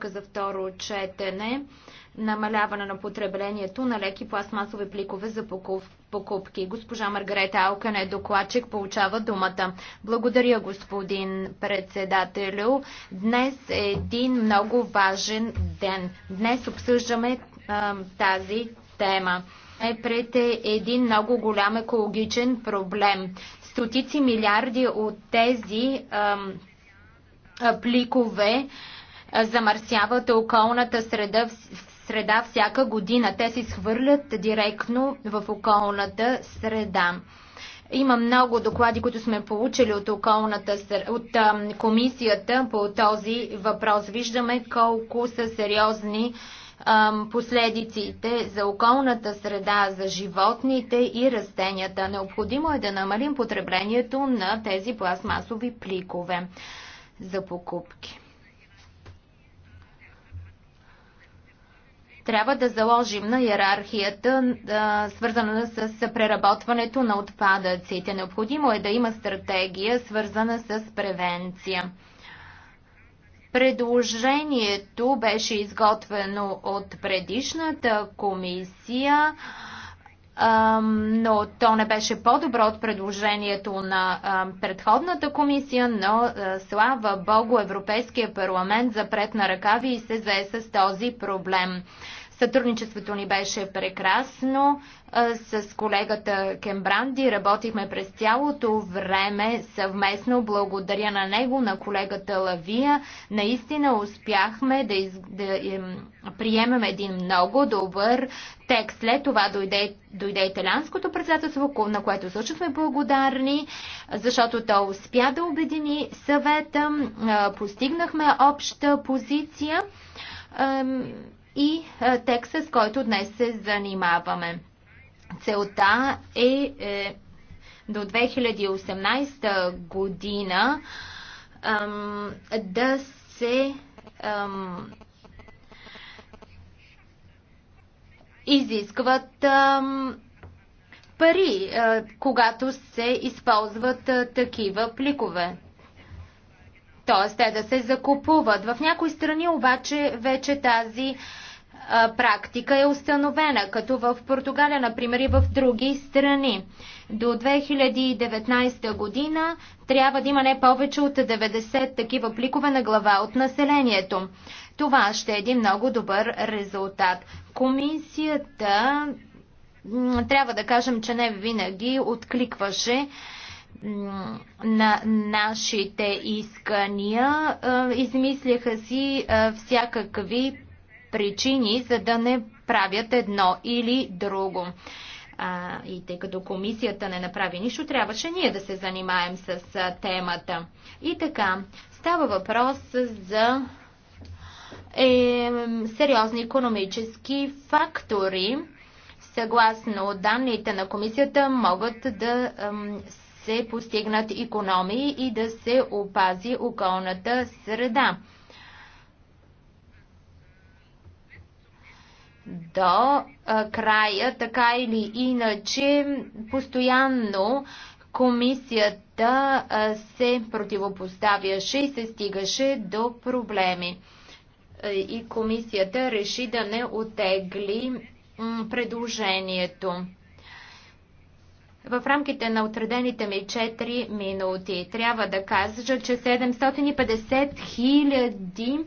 препоръка за второ четене намаляване на потреблението на леки пластмасови пликове за покупки. Госпожа Маргарета Алкане, е докладчик, получава думата. Благодаря, господин председателю. Днес е един много важен ден. Днес обсъждаме а, тази тема. Е пред е един много голям екологичен проблем. Стотици милиарди от тези а, пликове а, замърсяват околната среда, среда всяка година. Те се изхвърлят директно в околната среда. Има много доклади, които сме получили от, околната, от комисията по този въпрос. Виждаме колко са сериозни последиците за околната среда, за животните и растенията. Необходимо е да намалим потреблението на тези пластмасови пликове за покупки. Трябва да заложим на иерархията, свързана с преработването на отпадъците. Необходимо е да има стратегия, свързана с превенция. Предложението беше изготвено от предишната комисия но то не беше по-добро от предложението на предходната комисия, но слава Богу, Европейския парламент запрет на ръкави и се зае с този проблем. Сътрудничеството ни беше прекрасно. С колегата Кембранди работихме през цялото време съвместно. Благодаря на него, на колегата Лавия. Наистина успяхме да, из... да приемем един много добър текст. След това дойде, дойде италянското председателство, на което също сме благодарни, защото то успя да обедини съвета. Постигнахме обща позиция и е, текста, с който днес се занимаваме. Целта е, е до 2018 година ем, да се ем, изискват ем, пари, е, когато се използват е, такива пликове т.е. те да се закупуват. В някои страни обаче вече тази практика е установена, като в Португалия, например, и в други страни. До 2019 година трябва да има не повече от 90 такива пликове на глава от населението. Това ще е един много добър резултат. Комисията, трябва да кажем, че не винаги откликваше на нашите искания. Измисляха си всякакви причини, за да не правят едно или друго. А, и тъй като комисията не направи нищо, трябваше ние да се занимаем с а, темата. И така, става въпрос за е, сериозни економически фактори. Съгласно данните на комисията могат да е, се постигнат економии и да се опази околната среда. до а, края, така или иначе, постоянно комисията а, се противопоставяше и се стигаше до проблеми. И комисията реши да не отегли предложението. В рамките на отредените ми 4 минути трябва да кажа, че 750 хиляди 000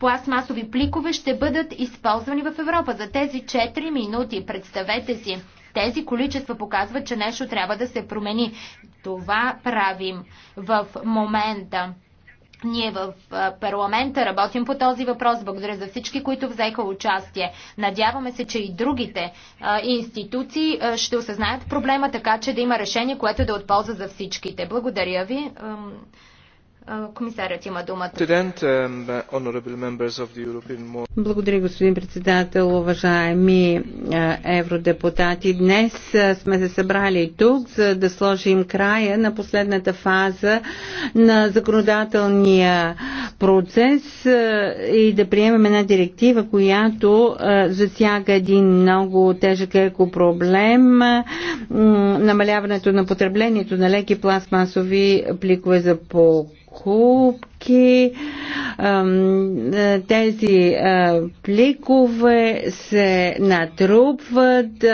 пластмасови пликове ще бъдат използвани в Европа. За тези 4 минути, представете си, тези количества показват, че нещо трябва да се промени. Това правим в момента. Ние в парламента работим по този въпрос. Благодаря за всички, които взеха участие. Надяваме се, че и другите институции ще осъзнаят проблема, така че да има решение, което е да отползва за всичките. Благодаря ви. Комисарят има думата. Благодаря, господин председател, уважаеми е, евродепутати. Днес е, сме се събрали тук, за да сложим края на последната фаза на законодателния процес е, и да приемем една директива, която засяга един много тежък екопроблем намаляването на потреблението на леки пластмасови пликове за по покупки. Е, тези е, пликове се натрупват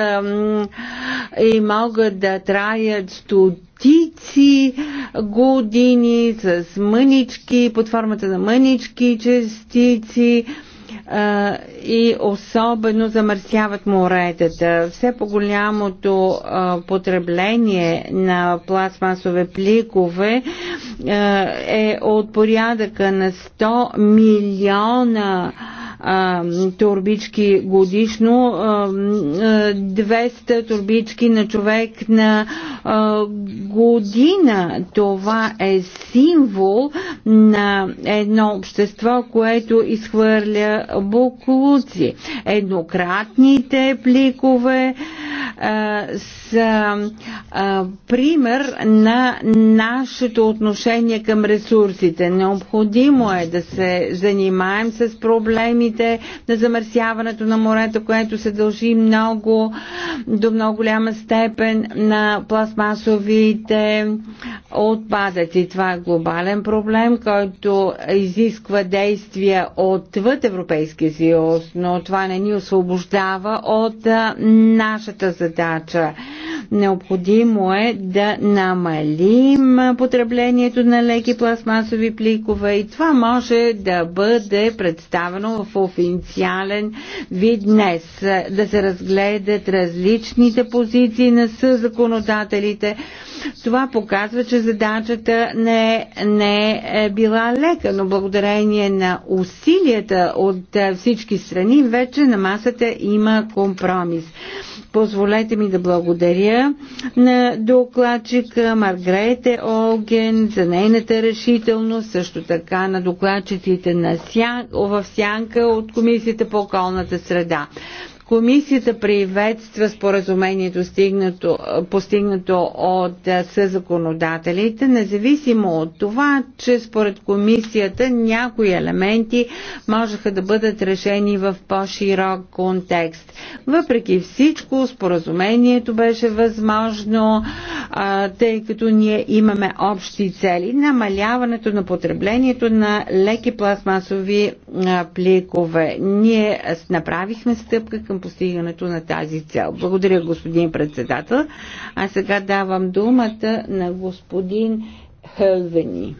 и могат да траят стотици години с мънички, под формата на мънички частици и особено замърсяват моретата. Все по-голямото потребление на пластмасове пликове е от порядъка на 100 милиона а, турбички годишно, 200 турбички на човек на година. Това е символ на едно общество, което изхвърля буклуци. Еднократните пликове са пример на нашето отношение към ресурсите. Необходимо е да се занимаем с проблемите, проблемите на замърсяването на морето, което се дължи много, до много голяма степен на пластмасовите отпадъци. Това е глобален проблем, който изисква действия отвъд Европейския съюз, но това не ни освобождава от нашата задача. Необходимо е да намалим потреблението на леки пластмасови пликове и това може да бъде представено в официален вид днес, да се разгледат различните позиции на съзаконодателите. Това показва, че задачата не, не е била лека, но благодарение на усилията от всички страни вече на масата има компромис. Позволете ми да благодаря на докладчика Маргрете Олген за нейната решителност, също така на докладчиците на сян, в сянка от Комисията по околната среда. Комисията приветства споразумението стигнато, постигнато от съзаконодателите, независимо от това, че според комисията някои елементи можеха да бъдат решени в по-широк контекст. Въпреки всичко, споразумението беше възможно, тъй като ние имаме общи цели. Намаляването на потреблението на леки пластмасови пликове. Ние направихме стъпка към към постигането на тази цел. Благодаря, господин председател. А сега давам думата на господин Хълвени.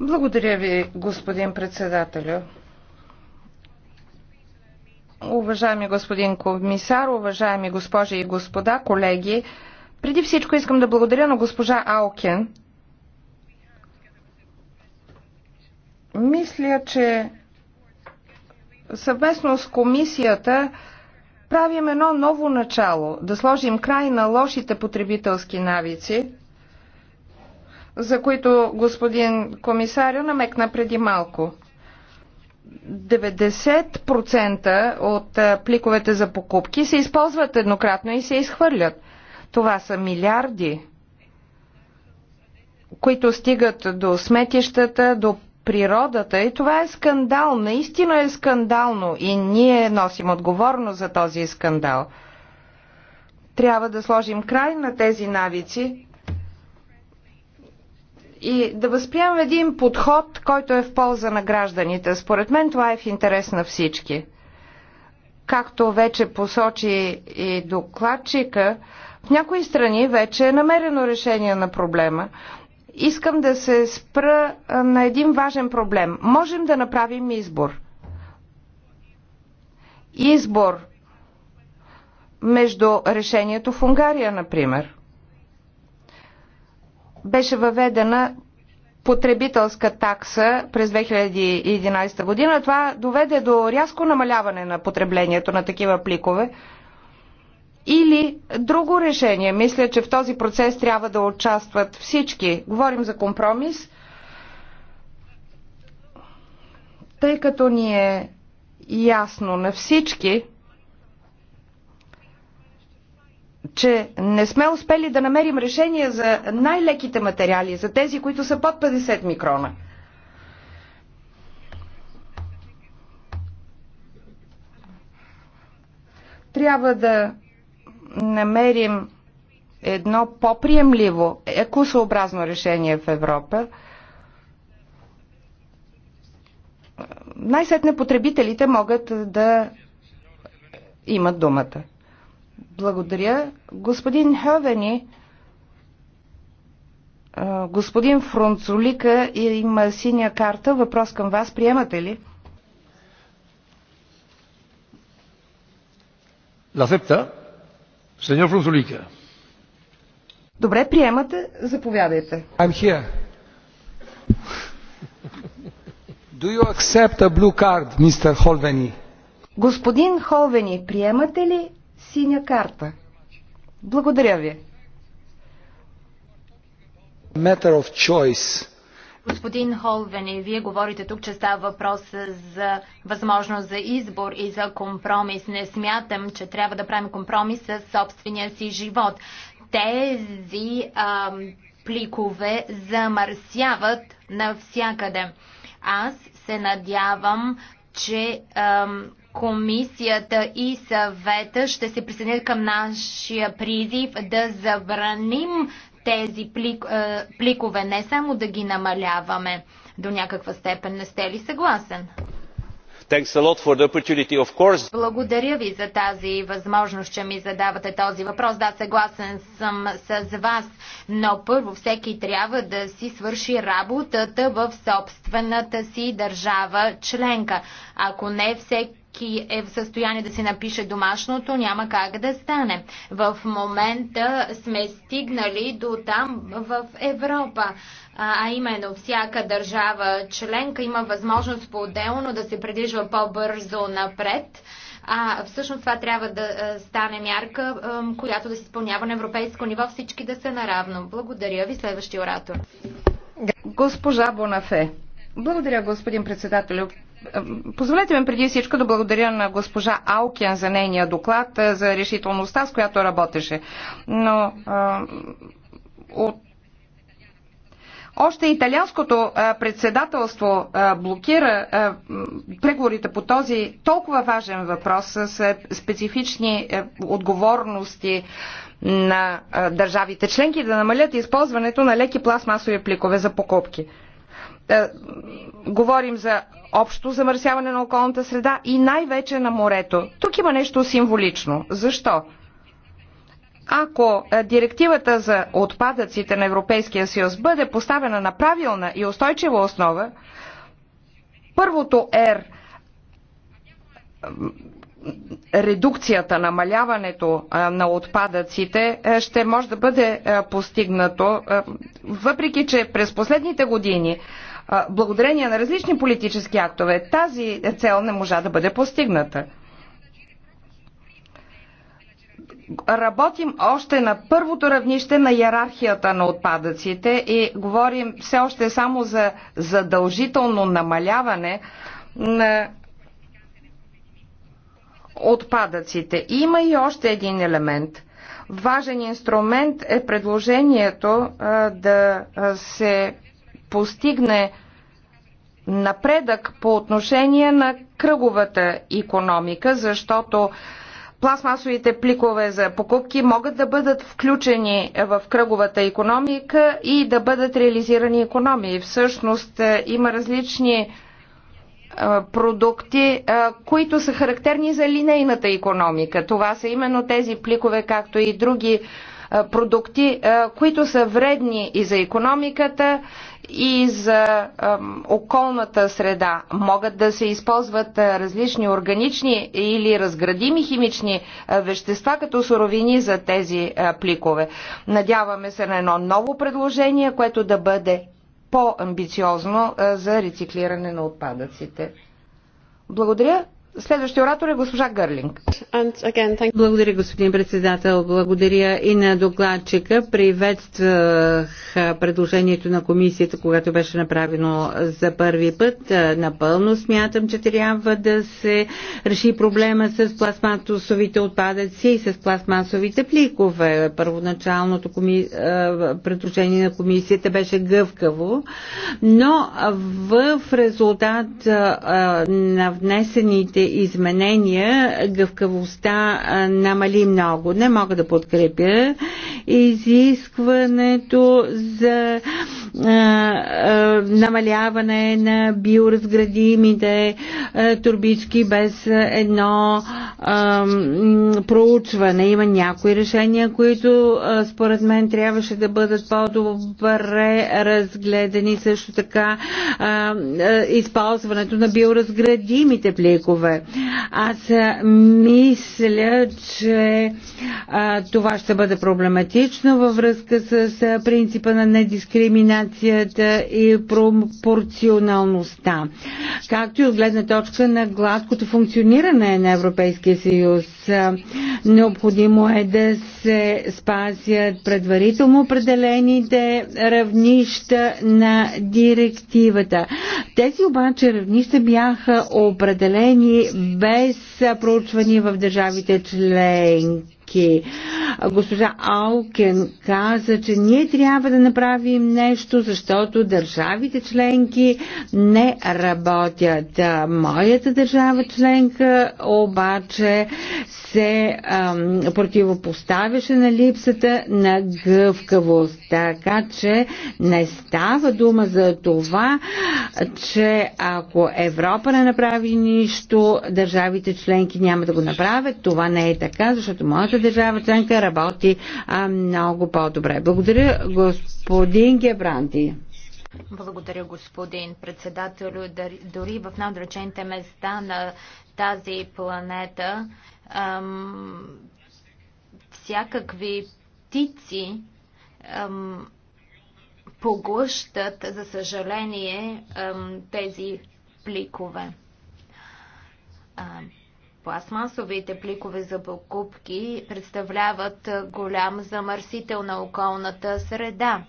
Благодаря ви, господин председателю. Уважаеми господин комисар, уважаеми госпожи и господа, колеги, преди всичко искам да благодаря на госпожа Алкен Мисля, че съвместно с комисията правим едно ново начало, да сложим край на лошите потребителски навици, за които господин комисаря намекна преди малко. 90% от пликовете за покупки се използват еднократно и се изхвърлят. Това са милиарди, които стигат до сметищата, до природата и това е скандал. Наистина е скандално и ние носим отговорност за този скандал. Трябва да сложим край на тези навици и да възприемем един подход, който е в полза на гражданите. Според мен това е в интерес на всички. Както вече посочи и докладчика, в някои страни вече е намерено решение на проблема, искам да се спра на един важен проблем. Можем да направим избор. Избор между решението в Унгария, например. Беше въведена потребителска такса през 2011 година. Това доведе до рязко намаляване на потреблението на такива пликове или друго решение. Мисля, че в този процес трябва да участват всички. Говорим за компромис, тъй като ни е ясно на всички, че не сме успели да намерим решение за най-леките материали, за тези, които са под 50 микрона. Трябва да намерим едно по-приемливо, екосъобразно решение в Европа, най-сетне потребителите могат да имат думата. Благодаря. Господин Хевени, господин Фронцолика има синя карта. Въпрос към вас. Приемате ли? La Сеньор Фрунзулика. Добре, приемате. Заповядайте. I'm here. Do you accept a blue card, Mr. Holveni? Господин Холвени, приемате ли синя карта? Благодаря ви. Matter of choice Господин Холвени, вие говорите тук, че става въпрос за възможност за избор и за компромис. Не смятам, че трябва да правим компромис с собствения си живот. Тези а, пликове замърсяват навсякъде. Аз се надявам, че а, комисията и съвета ще се присъединят към нашия призив да забраним тези плик, е, пликове, не само да ги намаляваме до някаква степен. Не сте ли съгласен? Благодаря ви за тази възможност, че ми задавате този въпрос. Да, съгласен съм с вас, но първо всеки трябва да си свърши работата в собствената си държава членка. Ако не всеки всеки е в състояние да си напише домашното, няма как да стане. В момента сме стигнали до там в Европа, а именно всяка държава членка има възможност по-отделно да се придвижва по-бързо напред. А всъщност това трябва да стане мярка, която да се изпълнява на европейско ниво, всички да са наравно. Благодаря ви, следващия оратор. Госпожа Бонафе. Благодаря, господин председателю. Позволете ми преди всичко да благодаря на госпожа Алкин за нейния доклад, за решителността, с която работеше. Но а, от още италианското председателство блокира преговорите по този толкова важен въпрос с специфични отговорности на държавите членки да намалят използването на леки пластмасови пликове за покупки е, говорим за общо замърсяване на околната среда и най-вече на морето. Тук има нещо символично. Защо? Ако е, директивата за отпадъците на Европейския съюз бъде поставена на правилна и устойчива основа, първото R редукцията, намаляването е, на отпадъците е, ще може да бъде постигнато, въпреки че през последните години благодарение на различни политически актове, тази цел не можа да бъде постигната. Работим още на първото равнище на иерархията на отпадъците и говорим все още само за задължително намаляване на отпадъците. Има и още един елемент. Важен инструмент е предложението да се постигне напредък по отношение на кръговата економика, защото пластмасовите пликове за покупки могат да бъдат включени в кръговата економика и да бъдат реализирани економии. Всъщност е, има различни е, продукти, е, които са характерни за линейната економика. Това са именно тези пликове, както и други продукти, които са вредни и за економиката, и за ем, околната среда. Могат да се използват различни органични или разградими химични вещества като суровини за тези пликове. Надяваме се на едно ново предложение, което да бъде по-амбициозно за рециклиране на отпадъците. Благодаря. Следващия оратор е госпожа Гърлинг. Благодаря, господин председател. Благодаря и на докладчика. Приветствах предложението на комисията, когато беше направено за първи път. Напълно смятам, че трябва да се реши проблема с пластмасовите отпадъци и с пластмасовите пликове. Първоначалното коми... предложение на комисията беше гъвкаво, но в резултат на внесените изменения гъвкавостта намали много. Не мога да подкрепя изискването за намаляване на биоразградимите турбички без едно проучване. Има някои решения, които според мен трябваше да бъдат по-добре разгледани. Също така използването на биоразградимите пликове текстове. Аз мисля, че а, това ще бъде проблематично във връзка с, а, принципа на недискриминацията и пропорционалността, както и от гледна точка на гладкото функциониране на Европейския съюз. Необходимо е да се спазят предварително определените равнища на директивата. Тези обаче равнища бяха определени без проучвания в държавите членки мерки. Госпожа Алкен каза, че ние трябва да направим нещо, защото държавите членки не работят. Моята държава членка обаче се ам, противопоставяше на липсата на гъвкавост. Така че не става дума за това, че ако Европа не направи нищо, държавите членки няма да го направят. Това не е така, защото моята държава членка работи а, много по-добре. Благодаря, господин Гебранти. Благодаря, господин председател, Дори в надречените места на тази планета ам, всякакви птици ам, поглъщат, за съжаление, ам, тези пликове. Ам, Пластмасовите пликове за покупки представляват голям замърсител на околната среда.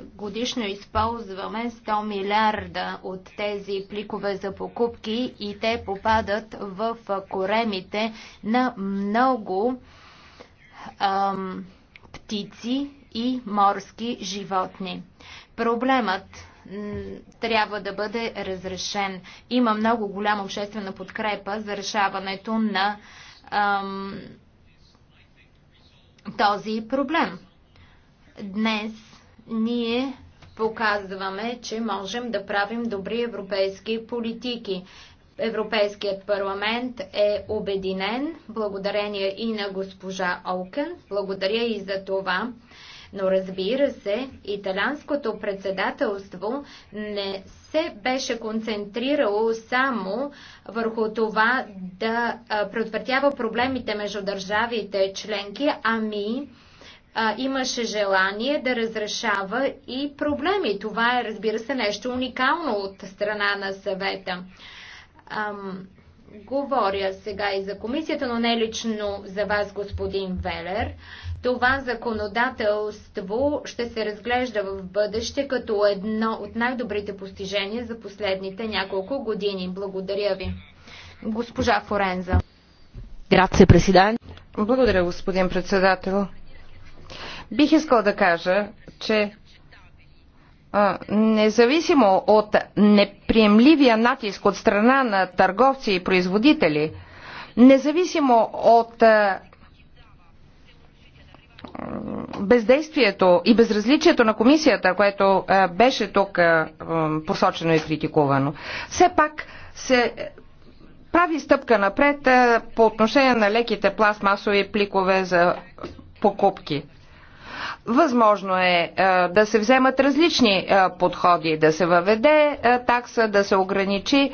Годишно използваме 100 милиарда от тези пликове за покупки и те попадат в коремите на много ам, птици и морски животни. Проблемът трябва да бъде разрешен. Има много голяма обществена подкрепа за решаването на ам, този проблем. Днес ние показваме, че можем да правим добри европейски политики. Европейският парламент е обединен благодарение и на госпожа Олкен. Благодаря и за това. Но разбира се, италянското председателство не се беше концентрирало само върху това да предотвратява проблемите между държавите членки, ами а, имаше желание да разрешава и проблеми. Това е, разбира се, нещо уникално от страна на съвета. Ам, говоря сега и за комисията, но не лично за вас, господин Велер. Това законодателство ще се разглежда в бъдеще като едно от най-добрите постижения за последните няколко години. Благодаря ви. Госпожа Форенза. Грация, президент. Благодаря, господин председател. Бих искал да кажа, че независимо от неприемливия натиск от страна на търговци и производители, независимо от бездействието и безразличието на комисията, което е, беше тук е, посочено и критикувано, все пак се прави стъпка напред е, по отношение на леките пластмасови пликове за покупки. Възможно е да се вземат различни подходи, да се въведе такса, да се ограничи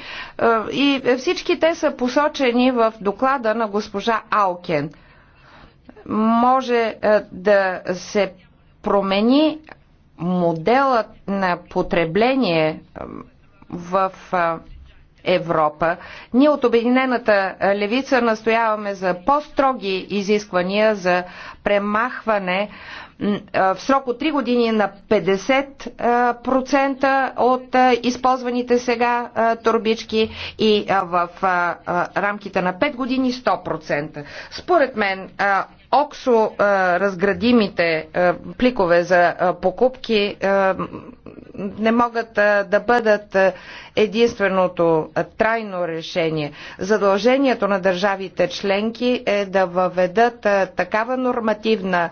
и всички те са посочени в доклада на госпожа Алкен – може е, да се промени моделът на потребление е, в е, Европа. Ние от Обединената левица настояваме за по-строги изисквания за премахване в срок от 3 години на 50% от използваните сега турбички и в рамките на 5 години 100%. Според мен оксо разградимите пликове за покупки не могат да бъдат единственото трайно решение. Задължението на държавите членки е да въведат такава нормативна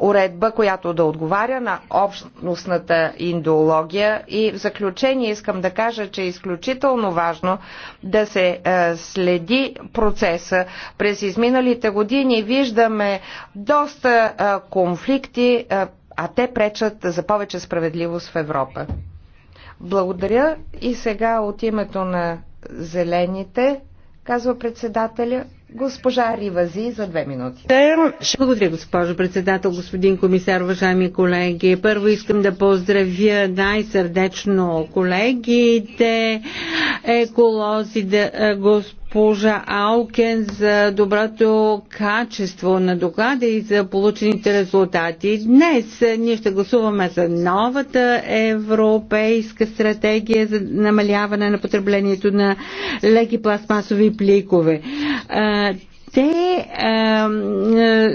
уредба, която да отговаря на общностната индология. И в заключение искам да кажа, че е изключително важно да се е, следи процеса. През изминалите години виждаме доста е, конфликти, е, а те пречат за повече справедливост в Европа. Благодаря и сега от името на зелените, казва председателя, Госпожа Ривази за две минути. Благодаря, госпожо председател, господин комисар, уважаеми колеги. Първо искам да поздравя най-сърдечно колегите, еколози, да, е, госп госпожа Алкен за доброто качество на доклада и за получените резултати. Днес ние ще гласуваме за новата европейска стратегия за намаляване на потреблението на леки пластмасови пликове те а, а, е,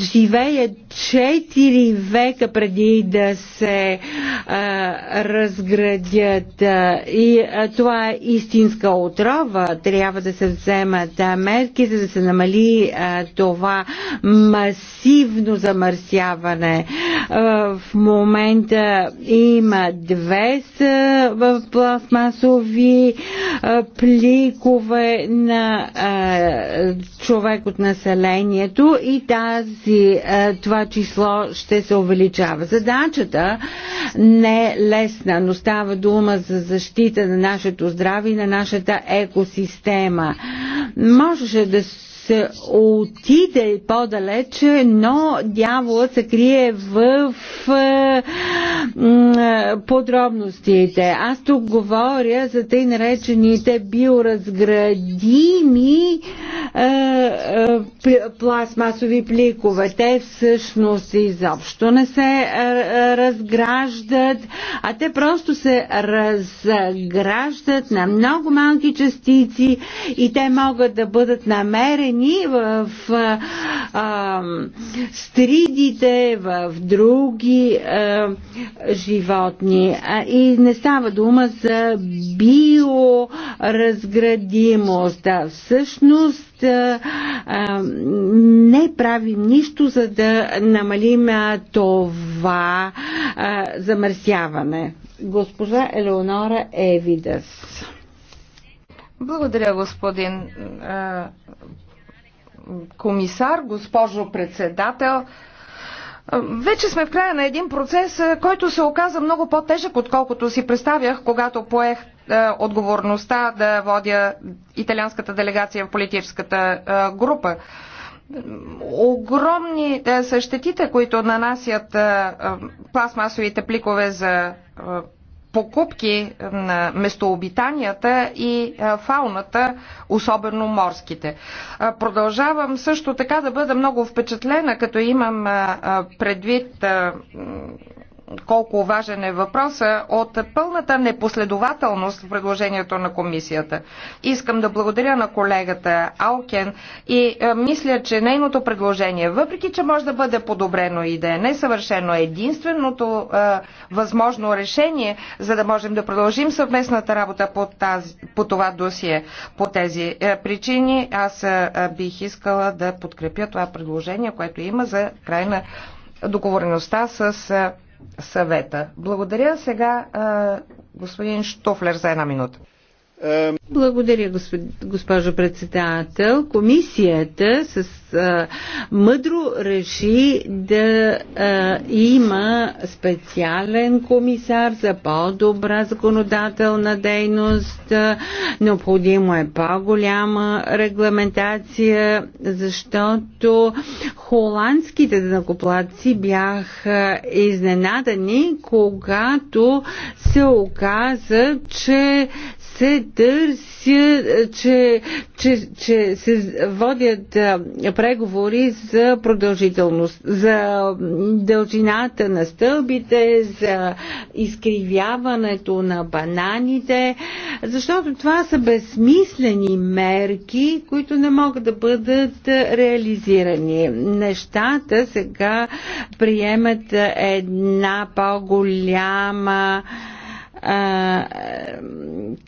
живеят 4 века преди да се а, разградят. А, и а, това е истинска отрова. Трябва да се вземат а, мерки, за да се намали а, това масивно замърсяване. В момента има две в пластмасови пликове на човек от населението и тази, това число ще се увеличава. Задачата не е лесна, но става дума за защита на нашето здраве и на нашата екосистема. Можеше да се отиде по-далече, но дяволът се крие в е, е, подробностите. Аз тук говоря за тъй наречените биоразградими е, пластмасови пликове. Те всъщност изобщо не се разграждат, а те просто се разграждат на много малки частици и те могат да бъдат намерени жени в а, стридите, в други а, животни. И не става дума за биоразградимост. Да, всъщност не правим нищо, за да намалим това замърсяване. Госпожа Елеонора Евидас. Благодаря, господин комисар, госпожо председател. Вече сме в края на един процес, който се оказа много по-тежък, отколкото си представях, когато поех отговорността да водя италианската делегация в политическата група. Огромни са щетите, които нанасят пластмасовите пликове за покупки на местообитанията и фауната, особено морските. Продължавам също така да бъда много впечатлена, като имам предвид колко важен е въпроса от пълната непоследователност в предложението на комисията. Искам да благодаря на колегата Алкен и е, мисля, че нейното предложение, въпреки че може да бъде подобрено и да е несъвършено, е единственото е, възможно решение, за да можем да продължим съвместната работа по, тази, по това досие. По тези е, причини аз е, бих искала да подкрепя това предложение, което има за край на договореността с е, съвета. Благодаря сега господин Штофлер за една минута. Благодаря, госпожо председател. Комисията с а, мъдро реши да а, има специален комисар за по-добра законодателна дейност. Необходимо е по-голяма регламентация, защото холандските данакоплаци бяха изненадани, когато се оказа, че се търся, е, че, че, че се водят е, преговори за продължителност, за дължината на стълбите, за изкривяването на бананите, защото това са безсмислени мерки, които не могат да бъдат реализирани. Нещата сега приемат една по-голяма а,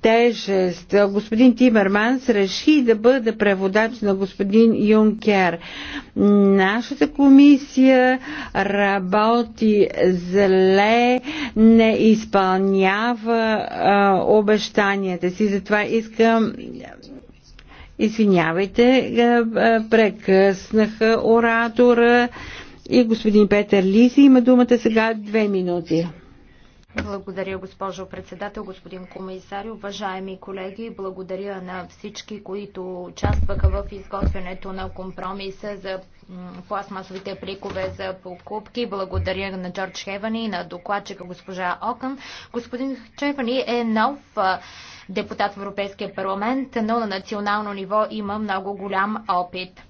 тежест. Господин Тимерманс реши да бъде преводач на господин Юнкер. Нашата комисия работи зле, не изпълнява а, обещанията си. Затова искам Извинявайте, прекъснаха оратора и господин Петър Лиси има думата сега две минути. Благодаря, госпожо председател, господин комисар, уважаеми колеги. Благодаря на всички, които участваха в изготвянето на компромиса за пластмасовите прикове за покупки. Благодаря на Джордж Хевани и на докладчика госпожа Окън. Господин Хевани е нов депутат в Европейския парламент, но на национално ниво има много голям опит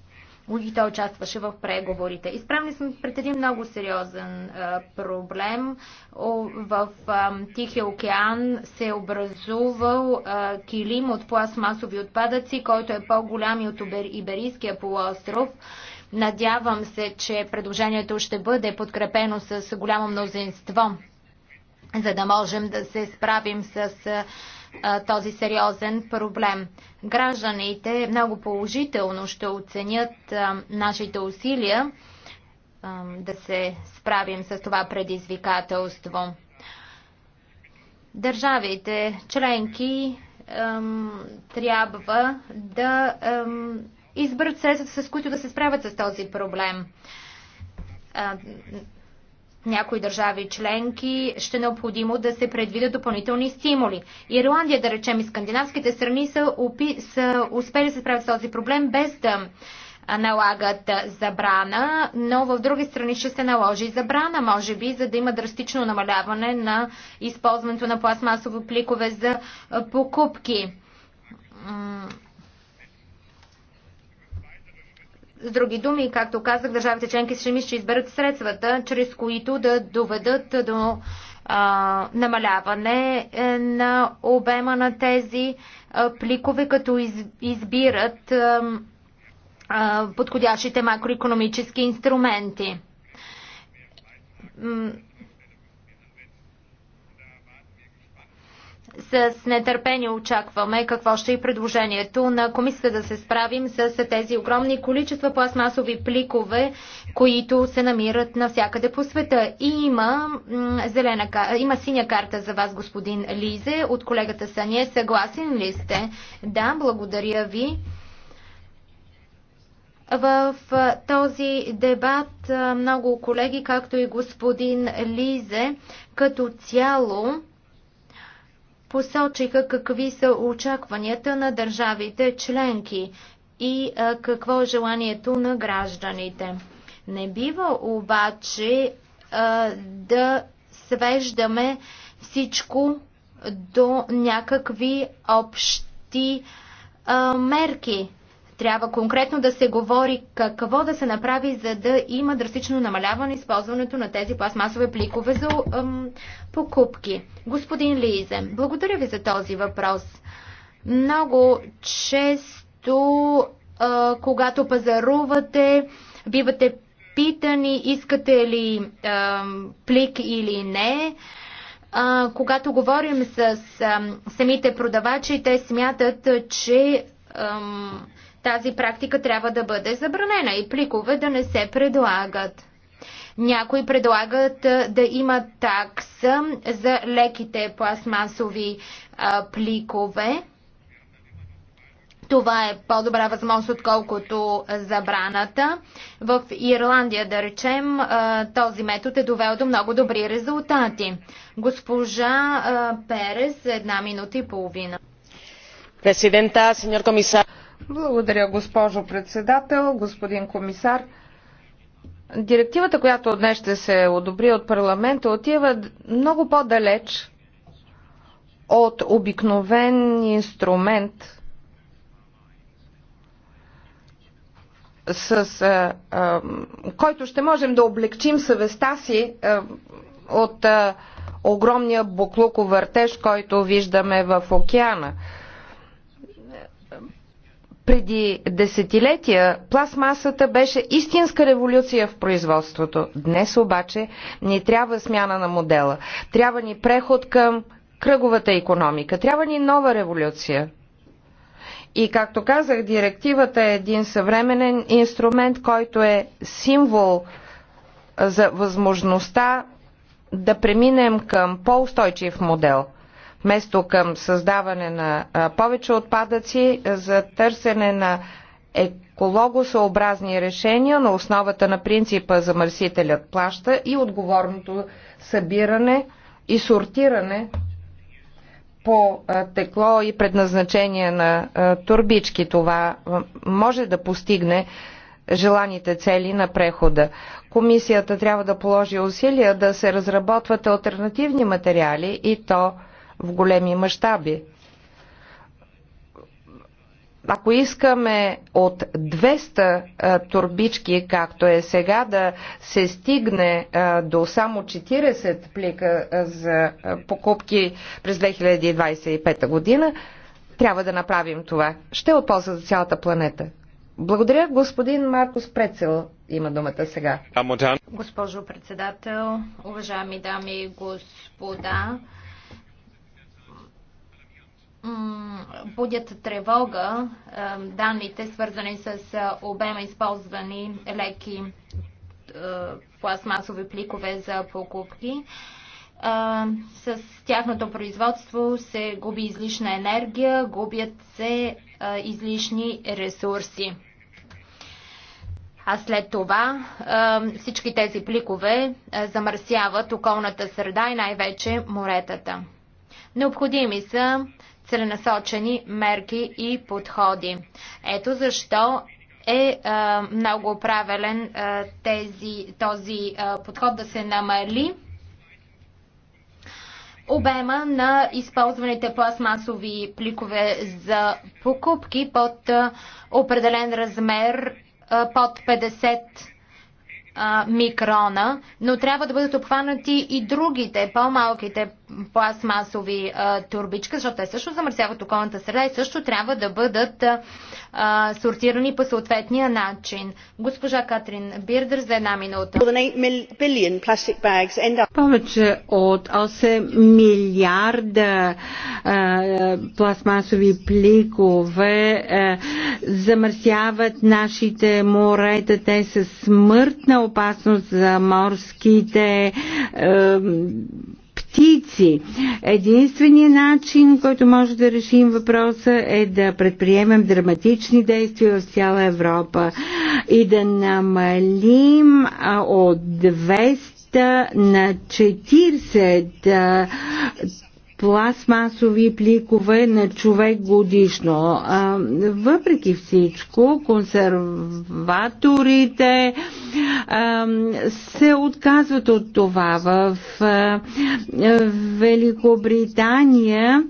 и той участваше в преговорите. Изправни сме пред един много сериозен а, проблем. О, в а, Тихия океан се е образувал а, килим от пластмасови отпадъци, който е по-голям и от Иберийския полуостров. Надявам се, че предложението ще бъде подкрепено с голямо мнозинство, за да можем да се справим с. А, този сериозен проблем. Гражданите много положително ще оценят нашите усилия да се справим с това предизвикателство. Държавите членки трябва да изберат средствата, с които да се справят с този проблем някои държави членки ще е необходимо да се предвидят допълнителни стимули. Ирландия, да речем, и скандинавските страни са, опи... са успели да се справят с този проблем без да налагат забрана, но в други страни ще се наложи забрана, може би, за да има драстично намаляване на използването на пластмасови пликове за покупки С други думи, както казах, държавите членки сами ще изберат средствата, чрез които да доведат до а, намаляване е, на обема на тези а, пликове, като из, избират а, е, а, подходящите макроекономически инструменти С нетърпение очакваме какво ще е предложението на комисията да се справим с тези огромни количества пластмасови пликове, които се намират навсякъде по света. И има, зелена, има синя карта за вас, господин Лизе, от колегата Сания. Съгласен ли сте? Да, благодаря ви. В този дебат много колеги, както и господин Лизе, като цяло посочиха какви са очакванията на държавите членки и какво е желанието на гражданите. Не бива обаче да свеждаме всичко до някакви общи мерки. Трябва конкретно да се говори какво да се направи, за да има драстично намаляване използването на тези пластмасови пликове за ам, покупки. Господин Лизе, благодаря ви за този въпрос. Много често, а, когато пазарувате, бивате питани, искате ли а, плик или не. А, когато говорим с а, самите продавачи, те смятат, че тази практика трябва да бъде забранена и пликове да не се предлагат. Някои предлагат да има такса за леките пластмасови пликове. Това е по-добра възможност, отколкото забраната. В Ирландия, да речем, този метод е довел до много добри резултати. Госпожа Перес, една минута и половина. Президента, сеньор комисар. Благодаря, госпожо председател, господин комисар. Директивата, която днес ще се одобри от парламента, отива много по-далеч от обикновен инструмент с а, а, който ще можем да облегчим съвестта си а, от а, огромния буклуко въртеж, който виждаме в океана. Преди десетилетия пластмасата беше истинска революция в производството. Днес обаче ни трябва смяна на модела. Трябва ни преход към кръговата економика. Трябва ни нова революция. И както казах, директивата е един съвременен инструмент, който е символ за възможността да преминем към по-устойчив модел – вместо към създаване на повече отпадъци, за търсене на екологосъобразни решения на основата на принципа замърсителят плаща и отговорното събиране и сортиране по текло и предназначение на турбички. Това може да постигне желаните цели на прехода. Комисията трябва да положи усилия да се разработват альтернативни материали и то в големи мащаби. Ако искаме от 200 а, турбички, както е сега, да се стигне а, до само 40 плика а, за а, покупки през 2025 година, трябва да направим това. Ще е от полза за цялата планета. Благодаря, господин Маркус Прецел. Има думата сега. Госпожо председател, уважаеми дами и господа, будят тревога данните, свързани с обема използвани леки пластмасови пликове за покупки. С тяхното производство се губи излишна енергия, губят се излишни ресурси. А след това всички тези пликове замърсяват околната среда и най-вече моретата. Необходими са целенасочени мерки и подходи. Ето защо е много правилен тези, този подход да се намали обема на използваните пластмасови пликове за покупки под определен размер под 50 микрона, но трябва да бъдат обхванати и другите, по-малките пластмасови турбички, защото те също замърсяват околната среда и също трябва да бъдат а, сортирани по съответния начин. Госпожа Катрин Бирдър за една минута. Повече от 8 милиарда а, пластмасови пликове а, замърсяват нашите морета. Те са смъртна опасност за морските е, птици. Единственият начин, който може да решим въпроса е да предприемем драматични действия в цяла Европа и да намалим от 200 на 40 пластмасови пликове на човек годишно. Въпреки всичко, консерваторите се отказват от това. В Великобритания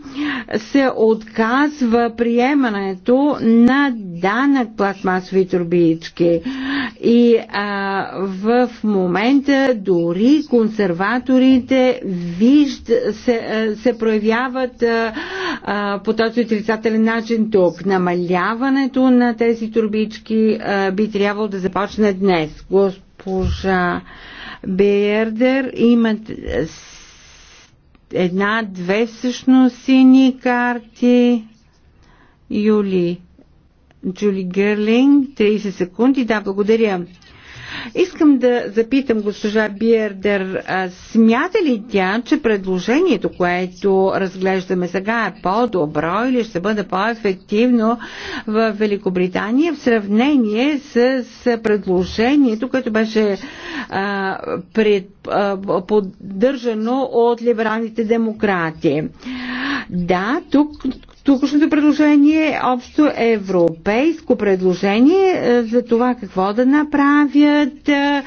се отказва приемането на данък пластмасови турбички. И а, в момента дори консерваторите вижд, се, се проявяват а, а, по този отрицателен начин тук. Намаляването на тези турбички а, би трябвало да започне днес. Госпожа Бердер имат една-две всъщност сини карти. Юли. Джули Герлинг, 30 секунди. Да, благодаря. Искам да запитам госпожа Биердер, смята ли тя, че предложението, което разглеждаме сега е по-добро или ще бъде по-ефективно в Великобритания в сравнение с предложението, което беше а, пред, а, поддържано от либералните демократи? Да, тук Тукшното предложение е общо европейско предложение е, за това какво да направят е,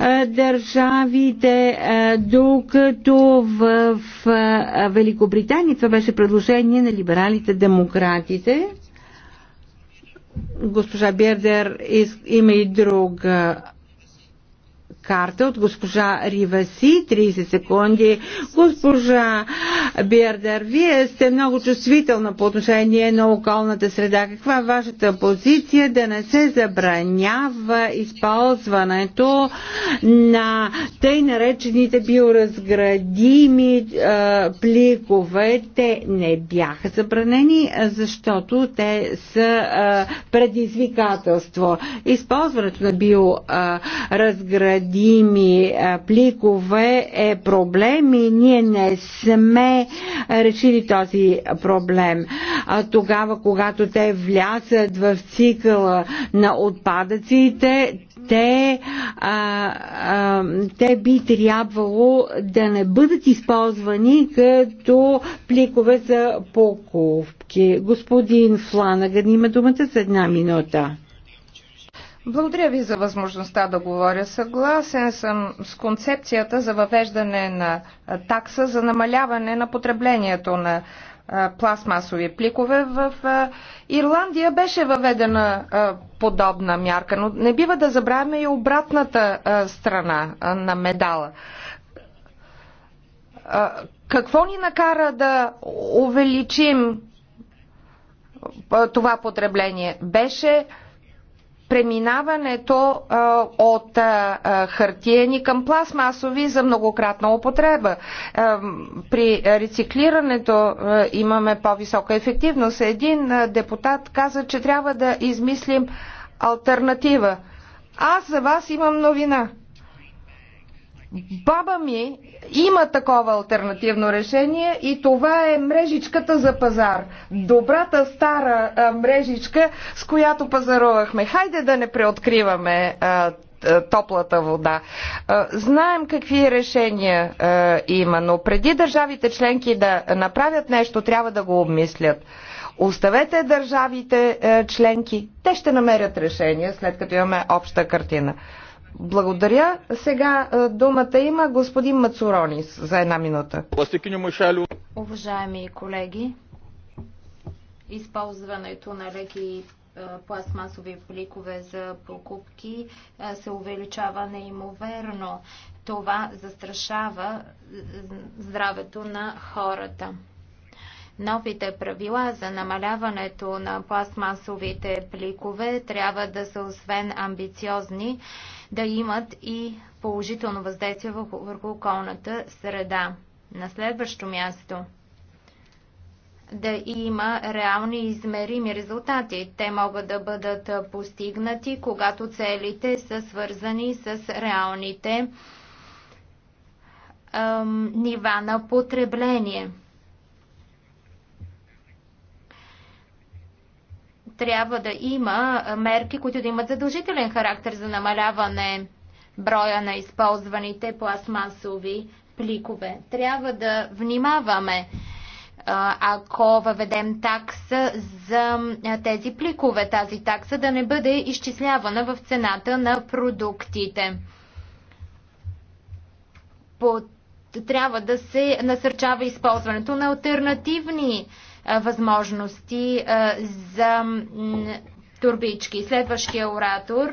е, държавите, докато в Великобритания това беше предложение на либералите демократите. Госпожа Бердер има и друга карта от госпожа Риваси. 30 секунди. Госпожа Бердер, вие сте много чувствителна по отношение на околната среда. Каква е вашата позиция да не се забранява използването на тъй наречените биоразградими е, пликове? Те не бяха забранени, защото те са е, предизвикателство. Използването на биоразградими необходими пликове е проблем и ние не сме решили този проблем. А тогава, когато те влязат в цикъла на отпадъците, те, а, а, те би трябвало да не бъдат използвани като пликове за покупки. Господин Фланаган има думата за една минута. Благодаря ви за възможността да говоря. Съгласен съм с концепцията за въвеждане на такса за намаляване на потреблението на пластмасови пликове. В Ирландия беше въведена подобна мярка, но не бива да забравяме и обратната страна на медала. Какво ни накара да увеличим това потребление? Беше преминаването а, от а, хартиени към пластмасови за многократна употреба. А, при рециклирането а, имаме по-висока ефективност. Един а, депутат каза, че трябва да измислим альтернатива. Аз за вас имам новина. Баба ми има такова альтернативно решение и това е мрежичката за пазар. Добрата стара а, мрежичка, с която пазарувахме. Хайде да не преоткриваме а, топлата вода. Знаем какви решения има, но преди държавите членки да направят нещо, трябва да го обмислят. Оставете държавите членки, те ще намерят решение, след като имаме обща картина. Благодаря. Сега е, думата има господин Мацуронис за една минута. Уважаеми колеги, използването на леки е, пластмасови пликове за покупки е, се увеличава неимоверно. Това застрашава здравето на хората. Новите правила за намаляването на пластмасовите пликове трябва да са освен амбициозни, да имат и положително въздействие върху, околната среда. На следващо място да има реални измерими резултати. Те могат да бъдат постигнати, когато целите са свързани с реалните ем, нива на потребление. трябва да има мерки, които да имат задължителен характер за намаляване броя на използваните пластмасови пликове. Трябва да внимаваме, ако въведем такса за тези пликове, тази такса да не бъде изчислявана в цената на продуктите. трябва да се насърчава използването на альтернативни възможности за турбички. Следващия оратор.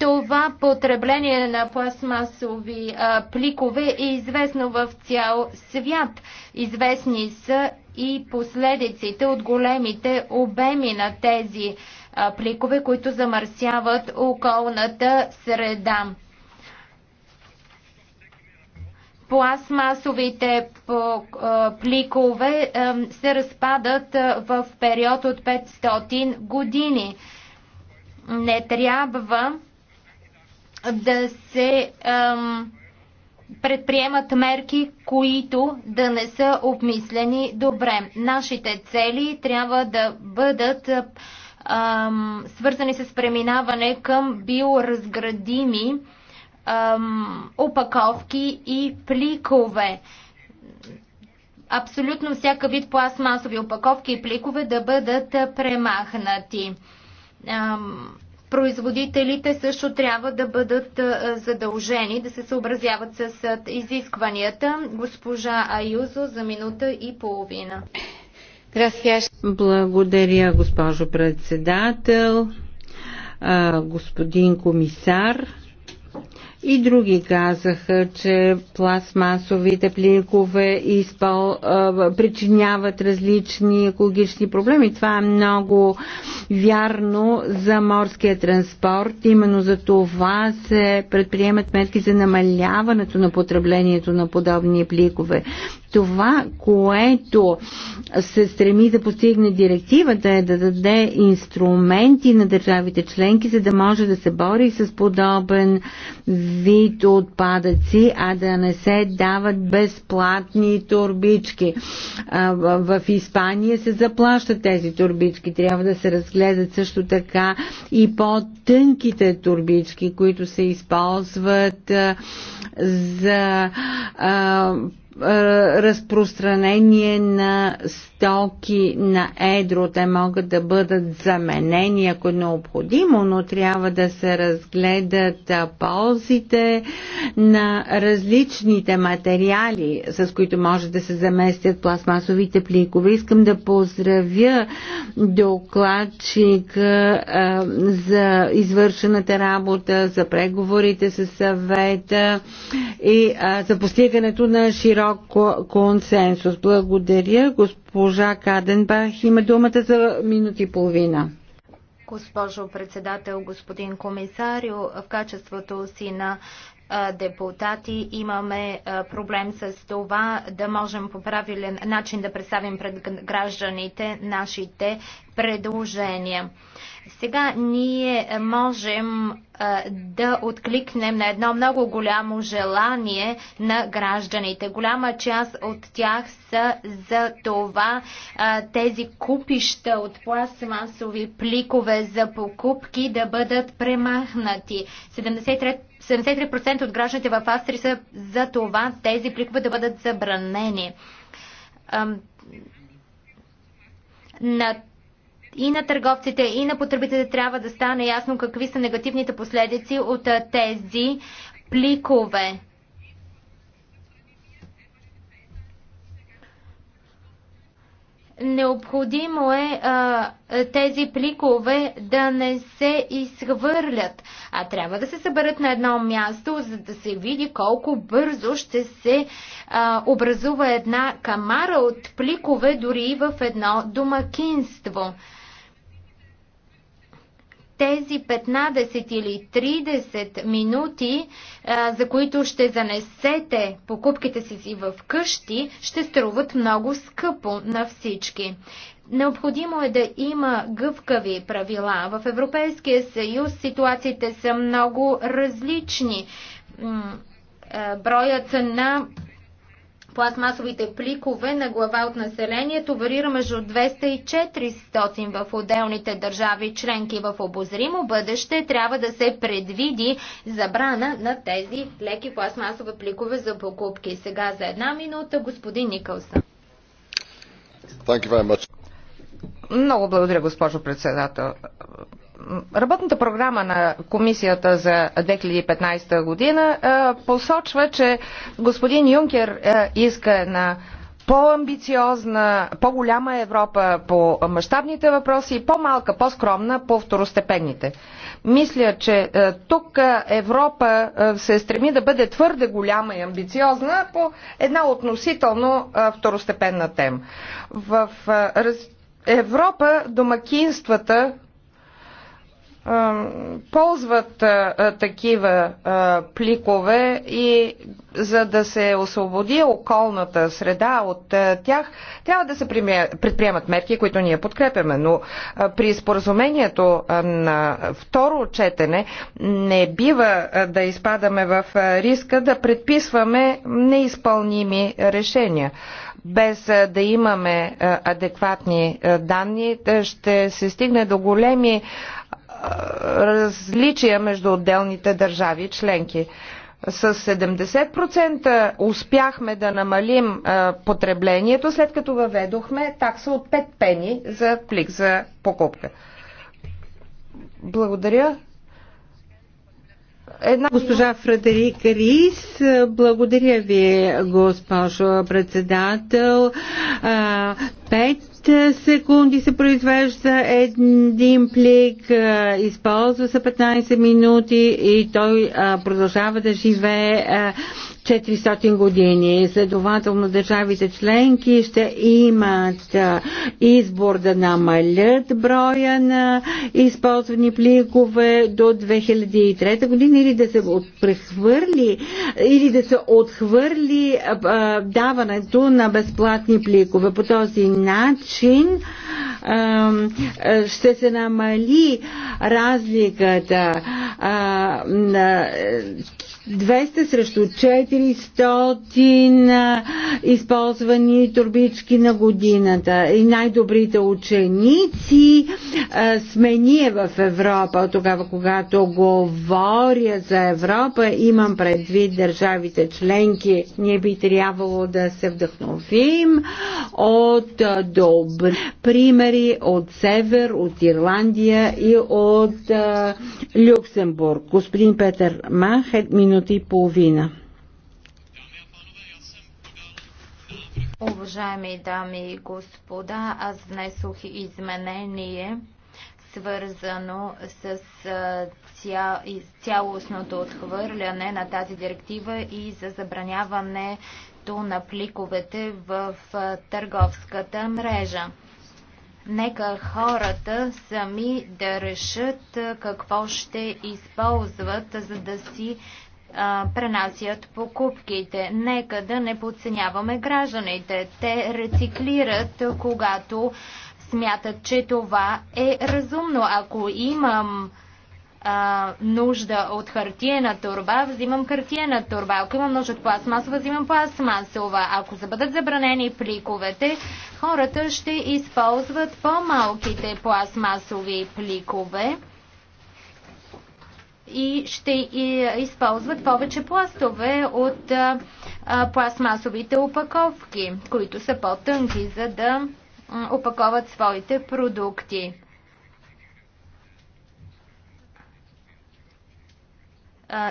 Това потребление на пластмасови а, пликове е известно в цял свят. Известни са и последиците от големите обеми на тези а, пликове, които замърсяват околната среда пластмасовите пликове се разпадат в период от 500 години. Не трябва да се предприемат мерки, които да не са обмислени добре. Нашите цели трябва да бъдат свързани с преминаване към биоразградими ам, упаковки и пликове. Абсолютно всяка вид пластмасови опаковки и пликове да бъдат премахнати. Ам, производителите също трябва да бъдат задължени да се съобразяват с изискванията. Госпожа Аюзо за минута и половина. Благодаря, госпожо председател, господин комисар. И други казаха, че пластмасовите пликове изпъл, причиняват различни екологични проблеми. Това е много вярно за морския транспорт. Именно за това се предприемат мерки за намаляването на потреблението на подобни пликове. Това, което се стреми да постигне директивата е да даде инструменти на държавите членки, за да може да се бори с подобен вид отпадъци, а да не се дават безплатни турбички. В Испания се заплащат тези турбички. Трябва да се разгледат също така и по-тънките турбички, които се използват за е, разпространение на стоки на едро. Те могат да бъдат заменени, ако е необходимо, но трябва да се разгледат ползите на различните материали, с които може да се заместят пластмасовите пликове. Искам да поздравя докладчик е, за извършената работа, за преговорите с съвета и е, за постигането на широко широк консенсус. Благодаря. Госпожа Каденбах има думата за минути и половина. Госпожо председател, господин комисарио, в качеството си на депутати имаме проблем с това да можем по правилен начин да представим пред гражданите нашите предложения. Сега ние можем да откликнем на едно много голямо желание на гражданите. Голяма част от тях са за това тези купища от пластмасови пликове за покупки да бъдат премахнати. 73%, 73 от гражданите в Астри са за това тези пликове да бъдат забранени. на и на търговците, и на потребителите трябва да стане ясно какви са негативните последици от тези пликове. Необходимо е а, тези пликове да не се изхвърлят, а трябва да се съберат на едно място, за да се види колко бързо ще се а, образува една камара от пликове дори и в едно домакинство тези 15 или 30 минути, за които ще занесете покупките си, си в къщи, ще струват много скъпо на всички. Необходимо е да има гъвкави правила. В Европейския съюз ситуациите са много различни. Броят на пластмасовите пликове на глава от населението варира между 200 и 400 в отделните държави членки. В обозримо бъдеще трябва да се предвиди забрана на тези леки пластмасови пликове за покупки. Сега за една минута господин Никълсън. Много благодаря, госпожо председател. Работната програма на комисията за 2015 година посочва, че господин Юнкер иска на по-амбициозна, по-голяма Европа по мащабните въпроси и по-малка, по-скромна по второстепенните. Мисля, че тук Европа се стреми да бъде твърде голяма и амбициозна по една относително второстепенна тема. В Европа домакинствата ползват такива пликове и за да се освободи околната среда от тях, трябва да се предприемат мерки, които ние подкрепяме. Но при споразумението на второ четене не бива да изпадаме в риска да предписваме неизпълними решения без да имаме адекватни данни, ще се стигне до големи различия между отделните държави и членки. С 70% успяхме да намалим потреблението, след като въведохме такса от 5 пени за плик за покупка. Благодаря. Една... Госпожа Фредерика Рис, благодаря ви, госпожо председател. Пет секунди се произвежда един плик, използва се 15 минути и той продължава да живее 400 години. Следователно държавите членки ще имат избор да намалят броя на използвани пликове до 2003 година или да се прехвърли или да се отхвърли а, даването на безплатни пликове. По този начин а, ще се намали разликата а, на 200 срещу 400 използвани турбички на годината. И най-добрите ученици сме ние в Европа. Тогава, когато говоря за Европа, имам предвид държавите членки. Ние би трябвало да се вдъхновим от добри примери от Север, от Ирландия и от Люксембург. Господин Петър Мах, е минус минута и половина. Уважаеми дами и господа, аз внесох изменение свързано с цялостното отхвърляне на тази директива и за забраняването на пликовете в търговската мрежа. Нека хората сами да решат какво ще използват, за да си а, пренасят покупките. Нека да не подценяваме гражданите. Те рециклират, когато смятат, че това е разумно. Ако имам а, нужда от хартиена турба, взимам хартиена турба. Ако имам нужда от пластмасова, взимам пластмасова. Ако бъдат забранени пликовете, хората ще използват по-малките пластмасови пликове и ще използват повече пластове от пластмасовите упаковки, които са по-тънки, за да опаковат своите продукти.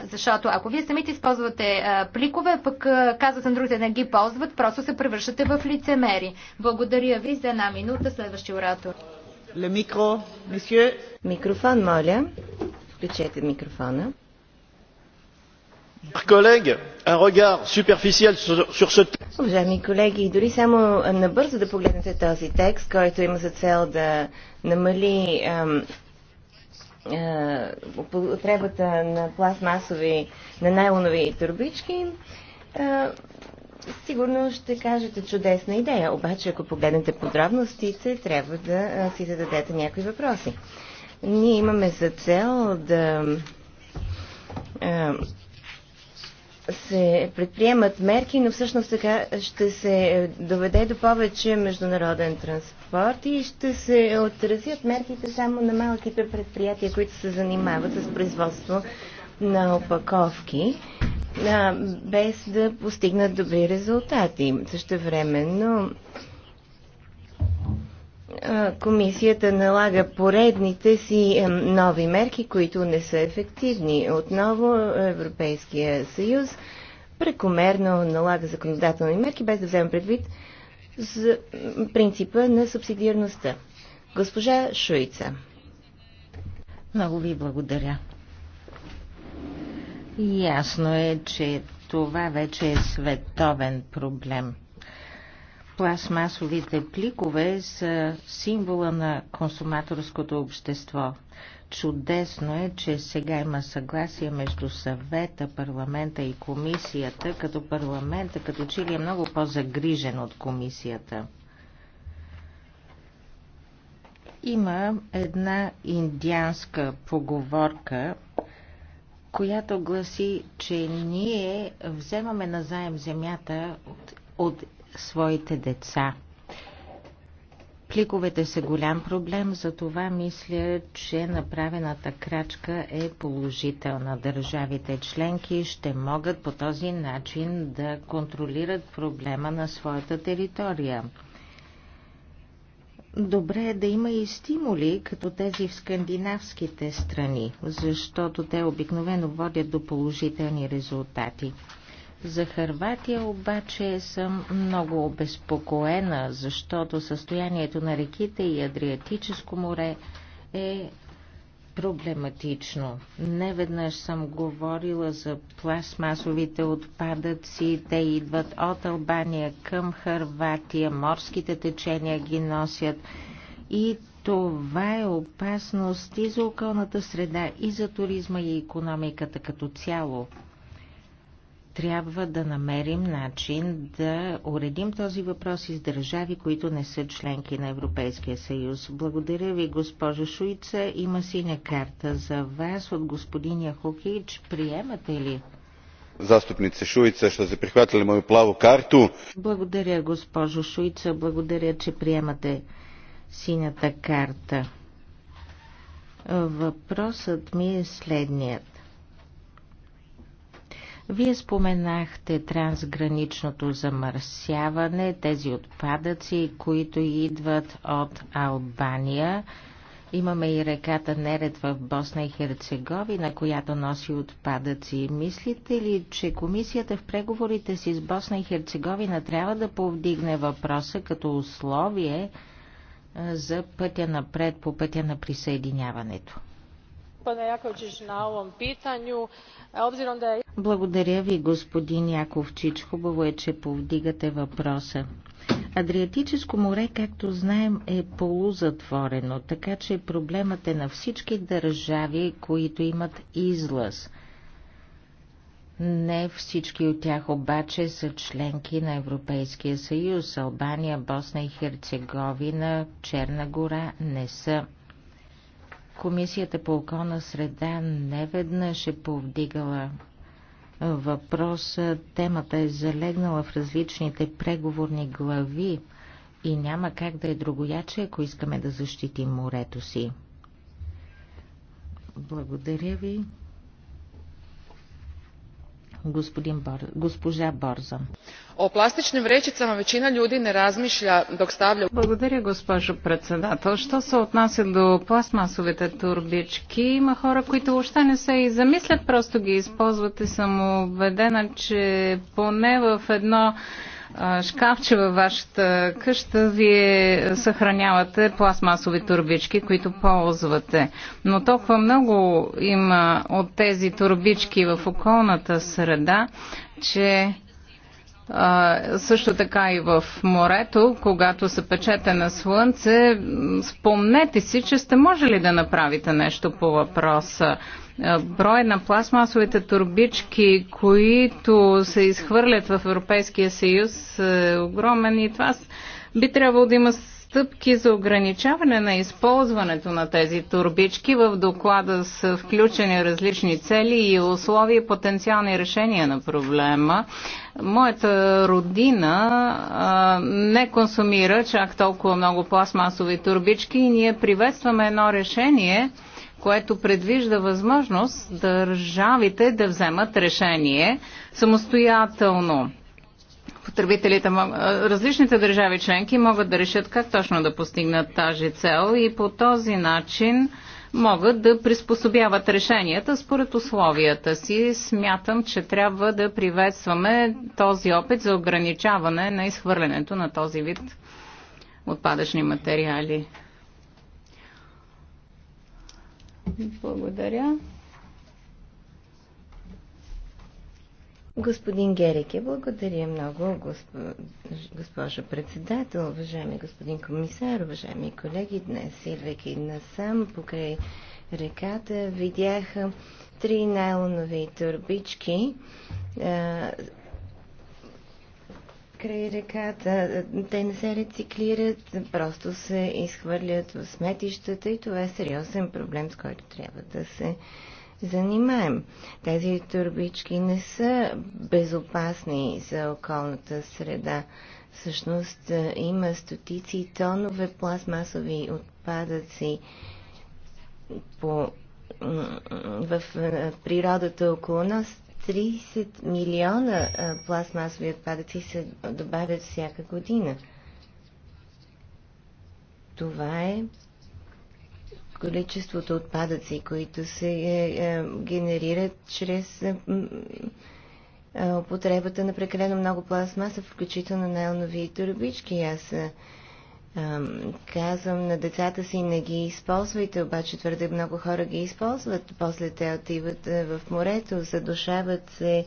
защото ако вие самите използвате пликове, пък казват на другите да не ги ползват, просто се превръщате в лицемери. Благодаря ви за една минута. Следващия оратор. Микрофон, моля. Включете микрофона. Уважаеми колеги, дори само набързо да погледнете този текст, който има за цел да намали ам, употребата на пластмасови, на найлонови турбички, сигурно ще кажете чудесна идея. Обаче, ако погледнете подробностите, трябва да си зададете някои въпроси. Ние имаме за цел да се предприемат мерки, но всъщност така ще се доведе до повече международен транспорт и ще се отразят мерките само на малките предприятия, които се занимават с производство на опаковки, без да постигнат добри резултати. Също време, но комисията налага поредните си нови мерки, които не са ефективни. Отново Европейския съюз прекомерно налага законодателни мерки, без да вземе предвид за принципа на субсидиарността. Госпожа Шуица. Много ви благодаря. Ясно е, че това вече е световен проблем – Пластмасовите пликове са символа на консуматорското общество. Чудесно е, че сега има съгласие между съвета, парламента и комисията, като парламента като че ли е много по-загрижен от комисията. Има една индианска поговорка, която гласи, че ние вземаме назаем земята от, от своите деца. Пликовете са голям проблем, затова мисля, че направената крачка е положителна. Държавите членки ще могат по този начин да контролират проблема на своята територия. Добре е да има и стимули, като тези в скандинавските страни, защото те обикновено водят до положителни резултати. За Харватия обаче съм много обезпокоена, защото състоянието на реките и Адриатическо море е проблематично. Неведнъж съм говорила за пластмасовите отпадъци. Те идват от Албания към Харватия. Морските течения ги носят. И това е опасност и за околната среда, и за туризма и економиката като цяло трябва да намерим начин да уредим този въпрос и с държави, които не са членки на Европейския съюз. Благодаря ви, госпожо Шуица. Има синя карта за вас от господин Яхукич. Приемате ли? Заступница Шуица, що се прихватили мою плаву карту. Благодаря, госпожо Шуица. Благодаря, че приемате синята карта. Въпросът ми е следният. Вие споменахте трансграничното замърсяване, тези отпадъци, които идват от Албания. Имаме и реката Неред в Босна и Херцеговина, която носи отпадъци. Мислите ли, че комисията в преговорите си с Босна и Херцеговина трябва да повдигне въпроса като условие за пътя напред по пътя на присъединяването? Gospodine Jakovčić на овом pitanju. Obzirom да je благодаря ви, господин Яковчич. Хубаво е, че повдигате въпроса. Адриатическо море, както знаем, е полузатворено, така че проблемът е на всички държави, които имат излъз. Не всички от тях обаче са членки на Европейския съюз. Албания, Босна и Херцеговина, Черна гора не са. Комисията по околна среда неведнъж е повдигала Въпрос, Темата е залегнала в различните преговорни глави и няма как да е другояче, ако искаме да защитим морето си. Благодаря ви господин Бор... госпожа Борза. О пластичним vrećicama većina ljudi не размишля док stavlja... Благодаря, госпожо председател. Що се отнася до пластмасовите турбички, има хора, които въобще не се и замислят, просто ги използват и съм убедена, че поне в едно шкафче във вашата къща, вие съхранявате пластмасови турбички, които ползвате. Но толкова много има от тези турбички в околната среда, че също така и в морето, когато се печете на слънце, спомнете си, че сте можели да направите нещо по въпроса. Брой на пластмасовите турбички, които се изхвърлят в Европейския съюз, е огромен и това би трябвало да има стъпки за ограничаване на използването на тези турбички. В доклада са включени различни цели и условия и потенциални решения на проблема. Моята родина а, не консумира чак толкова много пластмасови турбички и ние приветстваме едно решение, което предвижда възможност държавите да вземат решение самостоятелно потребителите, различните държави членки могат да решат как точно да постигнат тази цел и по този начин могат да приспособяват решенията според условията си. Смятам, че трябва да приветстваме този опит за ограничаване на изхвърлянето на този вид отпадъчни материали. Благодаря. Господин Гереке, благодаря много, госпожа госпожо председател, уважаеми господин комисар, уважаеми колеги. Днес, идвайки насам покрай реката, видях три найлонови турбички а, край реката. Те не се рециклират, просто се изхвърлят в сметищата и това е сериозен проблем, с който трябва да се занимаем. Тези турбички не са безопасни за околната среда. Всъщност е, има стотици тонове пластмасови отпадъци по, в е, природата около нас. 30 милиона е, пластмасови отпадъци се добавят всяка година. Това е количеството отпадъци, които се е, е, генерират чрез е, употребата на прекалено много пластмаса, включително на нейлонови турбички. Аз казвам на децата си, не ги използвайте, обаче твърде много хора ги използват. После те отиват в морето, задушават се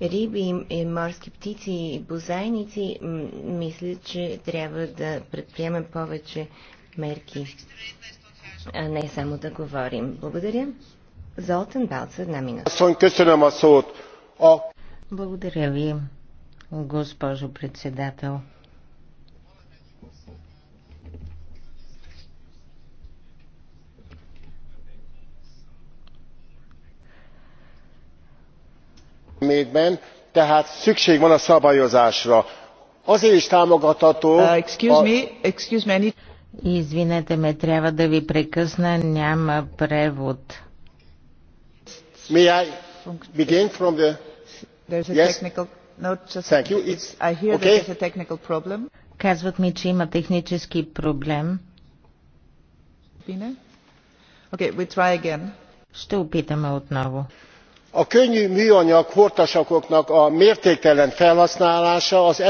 риби, морски птици и бозайници. Мисля, че трябва да предприемем повече мерки а не само да говорим. Благодаря. Золтан Балц, една минута. Благодаря ви, госпожо председател. ügyben tehát szükség van a szabályozásra. azért is támogatható uh, Извинете ме, трябва да ви прекъсна, няма превод. May I begin from the... There's a yes? technical... No, just... Thank you. It's... I hear okay. that there's a technical problem. Казват ми, че има технически проблем. Okay, we try again. Ще опитаме отново. A könnyű műanyag hortasakoknak a mértéktelen felhasználása az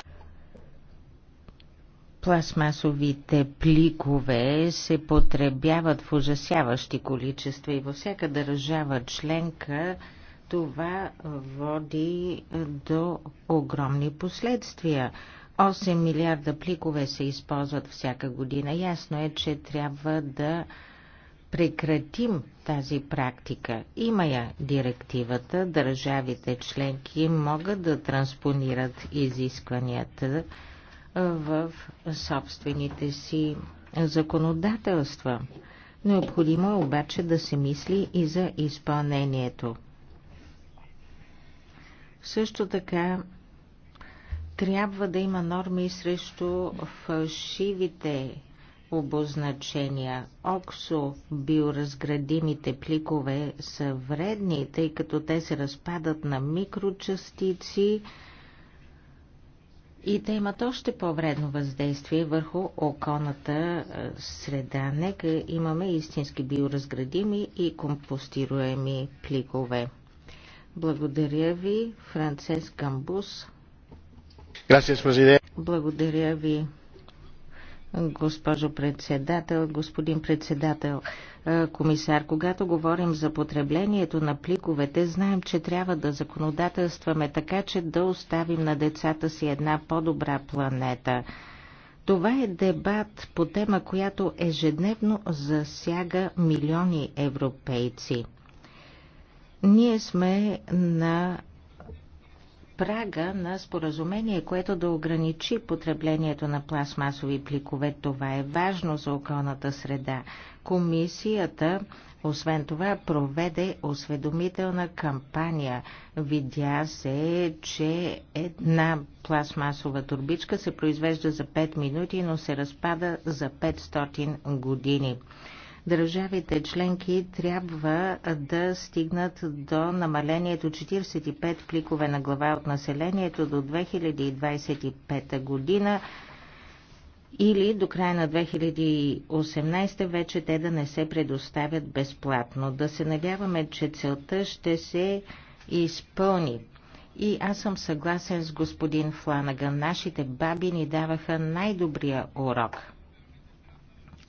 Пластмасовите пликове се потребяват в ужасяващи количества и във всяка държава членка това води до огромни последствия. 8 милиарда пликове се използват всяка година. Ясно е, че трябва да прекратим тази практика. Има я директивата, държавите членки могат да транспонират изискванията в собствените си законодателства. Необходимо е обаче да се мисли и за изпълнението. Също така трябва да има норми срещу фалшивите обозначения. Оксо биоразградимите пликове са вредни, тъй като те се разпадат на микрочастици, и те имат още по-вредно въздействие върху околната е, среда. Нека имаме истински биоразградими и компостируеми пликове. Благодаря ви, Францес Гамбус. Gracias, Благодаря ви, госпожо председател, господин председател. Е, комисар, когато говорим за потреблението на пликовете, знаем, че трябва да законодателстваме така, че да оставим на децата си една по-добра планета. Това е дебат по тема, която ежедневно засяга милиони европейци. Ние сме на прага на споразумение, което да ограничи потреблението на пластмасови пликове. Това е важно за околната среда. Комисията, освен това, проведе осведомителна кампания. Видя се, че една пластмасова турбичка се произвежда за 5 минути, но се разпада за 500 години държавите членки трябва да стигнат до намалението 45 пликове на глава от населението до 2025 година или до края на 2018 вече те да не се предоставят безплатно. Да се надяваме, че целта ще се изпълни. И аз съм съгласен с господин Фланаган. Нашите баби ни даваха най-добрия урок.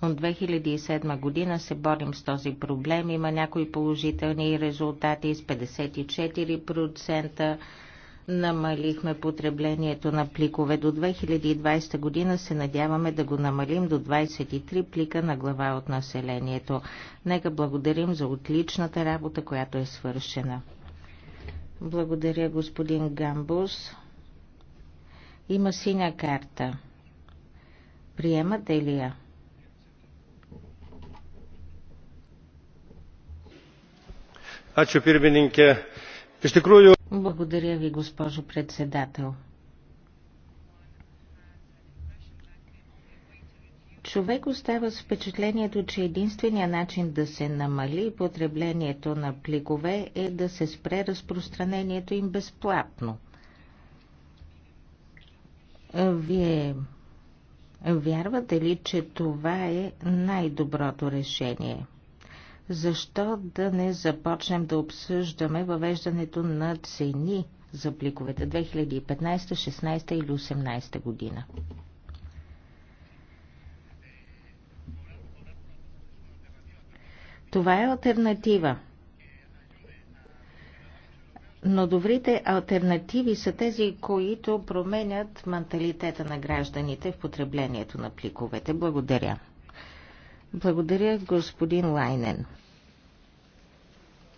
От 2007 година се борим с този проблем. Има някои положителни резултати с 54% намалихме потреблението на пликове. До 2020 година се надяваме да го намалим до 23 плика на глава от населението. Нека благодарим за отличната работа, която е свършена. Благодаря, господин Гамбус. Има синя карта. Приемате ли я? Благодаря ви, госпожо председател. Човек остава с впечатлението, че единствения начин да се намали потреблението на пликове е да се спре разпространението им безплатно. Вие вярвате ли, че това е най-доброто решение? Защо да не започнем да обсъждаме въвеждането на цени за пликовете 2015, 16 или 18 година? Това е альтернатива. Но добрите альтернативи са тези, които променят менталитета на гражданите в потреблението на пликовете. Благодаря. Благодаря, господин Лайнен.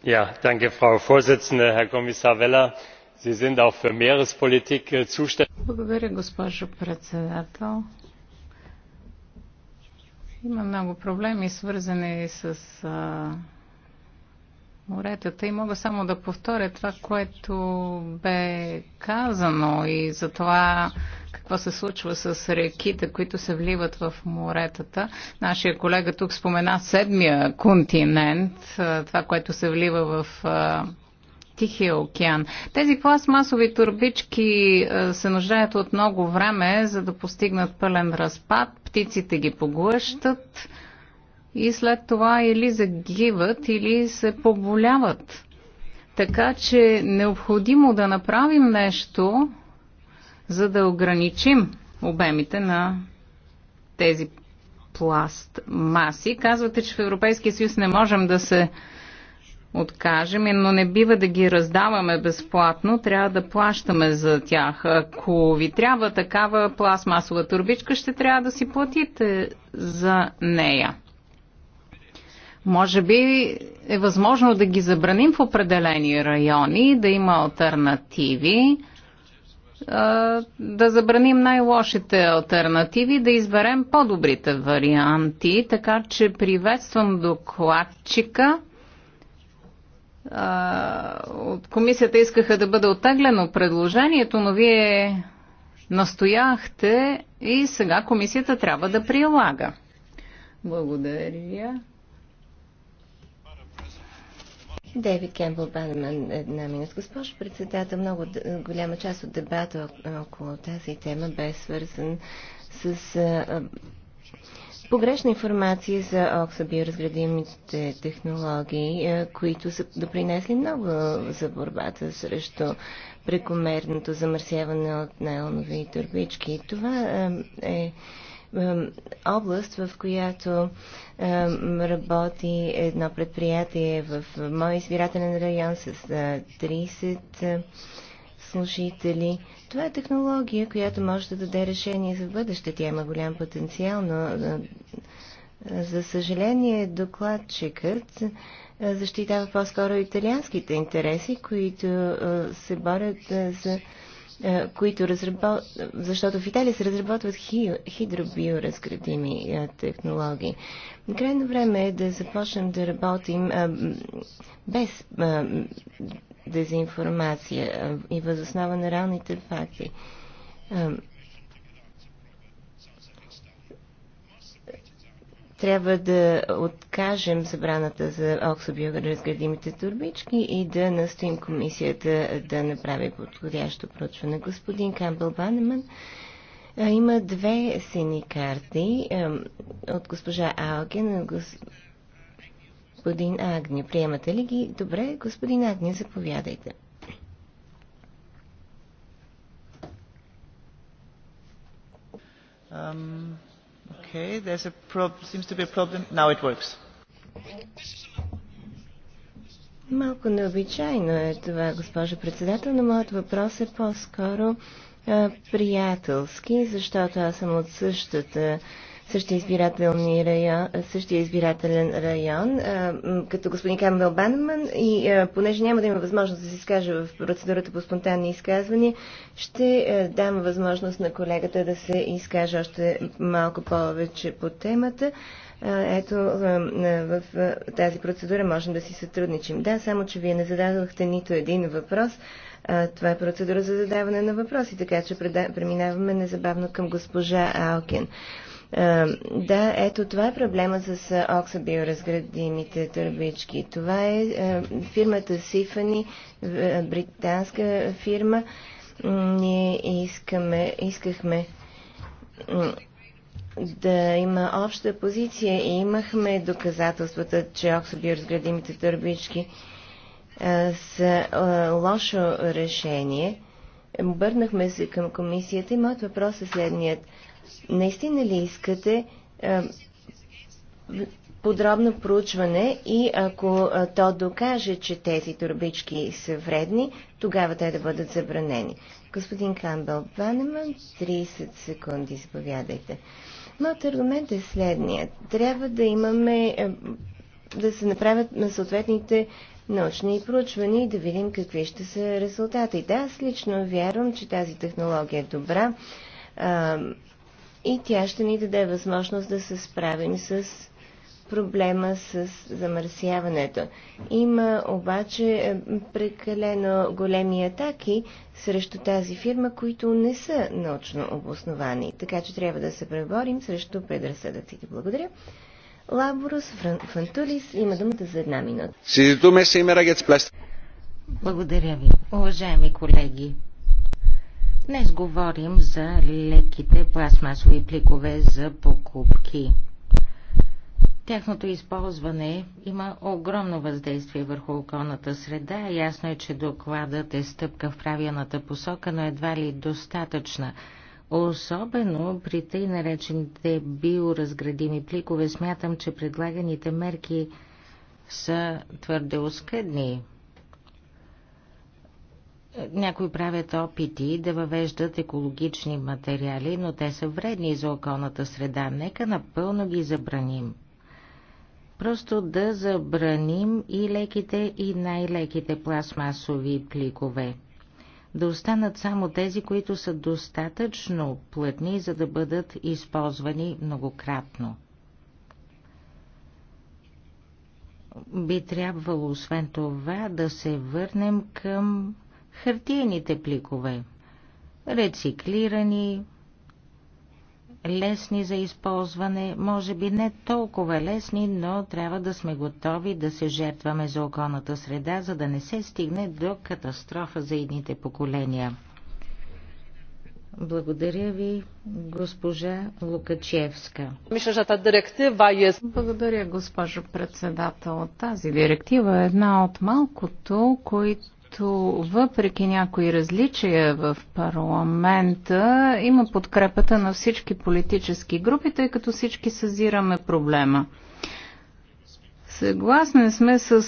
Ja, danke, Frau Vorsitzende, Herr Kommissar Weller. Sie sind auch für Meerespolitik zuständig. Благодаря, госпожо председател. Има много проблеми, свързани с уредата и мога само да повторя това, което бе казано и за това какво се случва с реките, които се вливат в моретата. Нашия колега тук спомена седмия континент, това, което се влива в Тихия океан. Тези пластмасови турбички се нуждаят от много време, за да постигнат пълен разпад. Птиците ги поглъщат и след това или загиват, или се поболяват. Така че необходимо да направим нещо, за да ограничим обемите на тези пласт маси. Казвате, че в Европейския съюз не можем да се откажем, но не бива да ги раздаваме безплатно, трябва да плащаме за тях. Ако ви трябва такава пластмасова турбичка, ще трябва да си платите за нея. Може би е възможно да ги забраним в определени райони, да има альтернативи, да забраним най-лошите альтернативи, да изберем по-добрите варианти, така че приветствам докладчика. От комисията искаха да бъде оттеглено предложението, но вие настояхте и сега комисията трябва да прилага. Благодаря. Дейвид Кембъл Банеман, една минус. Госпожо председател, много голяма част от дебата около тази тема бе свързан с а, погрешна информация за ОКСА биоразградимите технологии, а, които са допринесли много за борбата срещу прекомерното замърсяване от найлонови турбички. Това а, е област, в която работи едно предприятие в мой избирателен район с 30 служители. Това е технология, която може да даде решение за бъдеще. Тя има голям потенциал, но за съжаление докладчикът защитава по-скоро италианските интереси, които се борят за е, които разработ... защото в Италия се разработват хи... хидробиоразградими е, технологии. Крайно време е да започнем да работим а, е, без а, дезинформация а, и възоснова на реалните факти. трябва да откажем забраната за оксобиоразградимите турбички и да настоим комисията да направи подходящо проучване. Господин Камбел Банеман има две сини карти от госпожа Алген и господин Агни. Приемате ли ги? Добре, господин Агни, заповядайте. Um... Okay, there's a prob- seems to be a problem. Now it works. Малко необичайно е това, госпожа председател, но моят въпрос е по-скоро приятелски, защото аз съм от същата същия, избирателни район, същия избирателен район, като господин Камбел Банман и понеже няма да има възможност да се изкаже в процедурата по спонтанни изказвания, ще дам възможност на колегата да се изкаже още малко повече по темата. Ето, в тази процедура можем да си сътрудничим. Да, само, че вие не зададохте нито един въпрос. Това е процедура за задаване на въпроси, така че преминаваме незабавно към госпожа Алкен. Е, да, ето това е проблема с е, Окса биоразградимите турбички. Това е, е фирмата Сифани, британска фирма. Ние искаме, искахме да има обща позиция и имахме доказателствата, че Окса биоразградимите турбички са лошо решение. Обърнахме се към комисията и моят въпрос е следният – Наистина ли искате подробно проучване и ако то докаже, че тези турбички са вредни, тогава те да бъдат забранени. Господин Камбел Банеман, 30 секунди, заповядайте. Моят аргумент е следният. Трябва да имаме, да се направят на съответните научни проучвания и да видим какви ще са резултати. Да, аз лично вярвам, че тази технология е добра и тя ще ни даде възможност да се справим с проблема с замърсяването. Има обаче е, прекалено големи атаки срещу тази фирма, които не са научно обосновани. Така че трябва да се преборим срещу предразсъдъците. Благодаря. Лаборус Фантулис има думата за една минута. Благодаря ви, уважаеми колеги. Днес говорим за леките пластмасови пликове за покупки. Тяхното използване има огромно въздействие върху околната среда. Ясно е, че докладът е стъпка в правилната посока, но едва ли достатъчна. Особено при тъй наречените биоразградими пликове смятам, че предлаганите мерки са твърде оскъдни. Някои правят опити да въвеждат екологични материали, но те са вредни за околната среда. Нека напълно ги забраним. Просто да забраним и леките, и най-леките пластмасови пликове. Да останат само тези, които са достатъчно плътни, за да бъдат използвани многократно. Би трябвало, освен това, да се върнем към хартиените пликове. Рециклирани, лесни за използване, може би не толкова лесни, но трябва да сме готови да се жертваме за околната среда, за да не се стигне до катастрофа за едните поколения. Благодаря ви, госпожа Лукачевска. Мисля, че тази директива е... Благодаря, госпожо председател. Тази директива е една от малкото, които като въпреки някои различия в парламента има подкрепата на всички политически групи, тъй като всички съзираме проблема. Съгласни сме с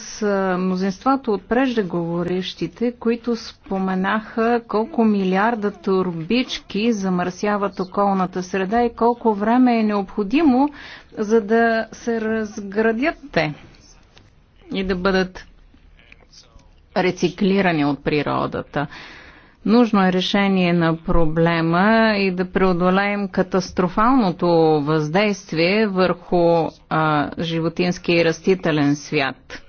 мнозинството от преждеговорещите, които споменаха колко милиарда турбички замърсяват околната среда и колко време е необходимо, за да се разградят те и да бъдат Рециклиране от природата. Нужно е решение на проблема и да преодолеем катастрофалното въздействие върху а, животинския и растителен свят.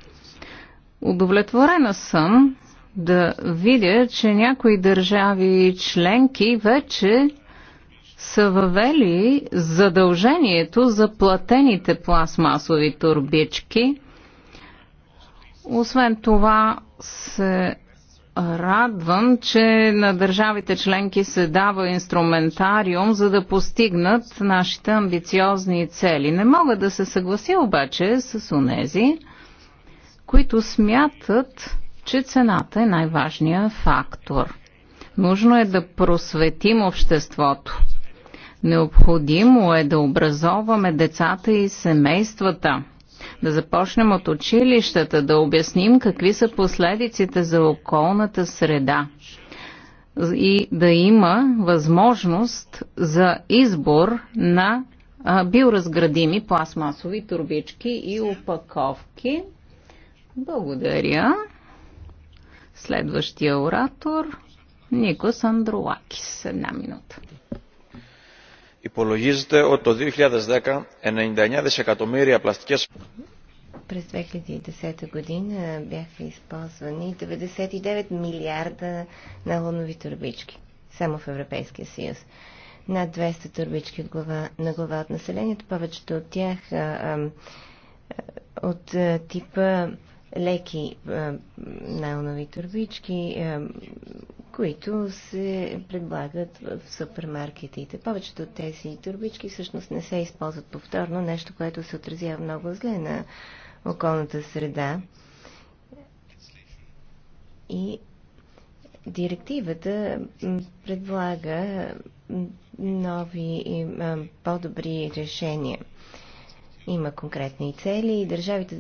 Удовлетворена съм да видя, че някои държави членки вече са въвели задължението за платените пластмасови турбички. Освен това, се радвам, че на държавите членки се дава инструментариум, за да постигнат нашите амбициозни цели. Не мога да се съглася обаче с онези, които смятат, че цената е най-важният фактор. Нужно е да просветим обществото. Необходимо е да образоваме децата и семействата – да започнем от училищата, да обясним какви са последиците за околната среда и да има възможност за избор на биоразградими пластмасови турбички и упаковки. Благодаря. Следващия оратор Никос Андролакис. Една минута. Υπολογίζεται ότι το 2010 99 δισεκατομμύρια πλαστικές... През 2010 година бяха използвани 99 милиарда налонови турбички, само в Европейския съюз. Над 200 турбички от глава, на глава от населението, повечето от тях а, а, от а, типа леки а, налонови турбички, а, които се предлагат в супермаркетите. Повечето от тези турбички всъщност не се използват повторно, нещо, което се отразява много зле на околната среда. И директивата предлага нови и по-добри решения. Има конкретни цели и държавите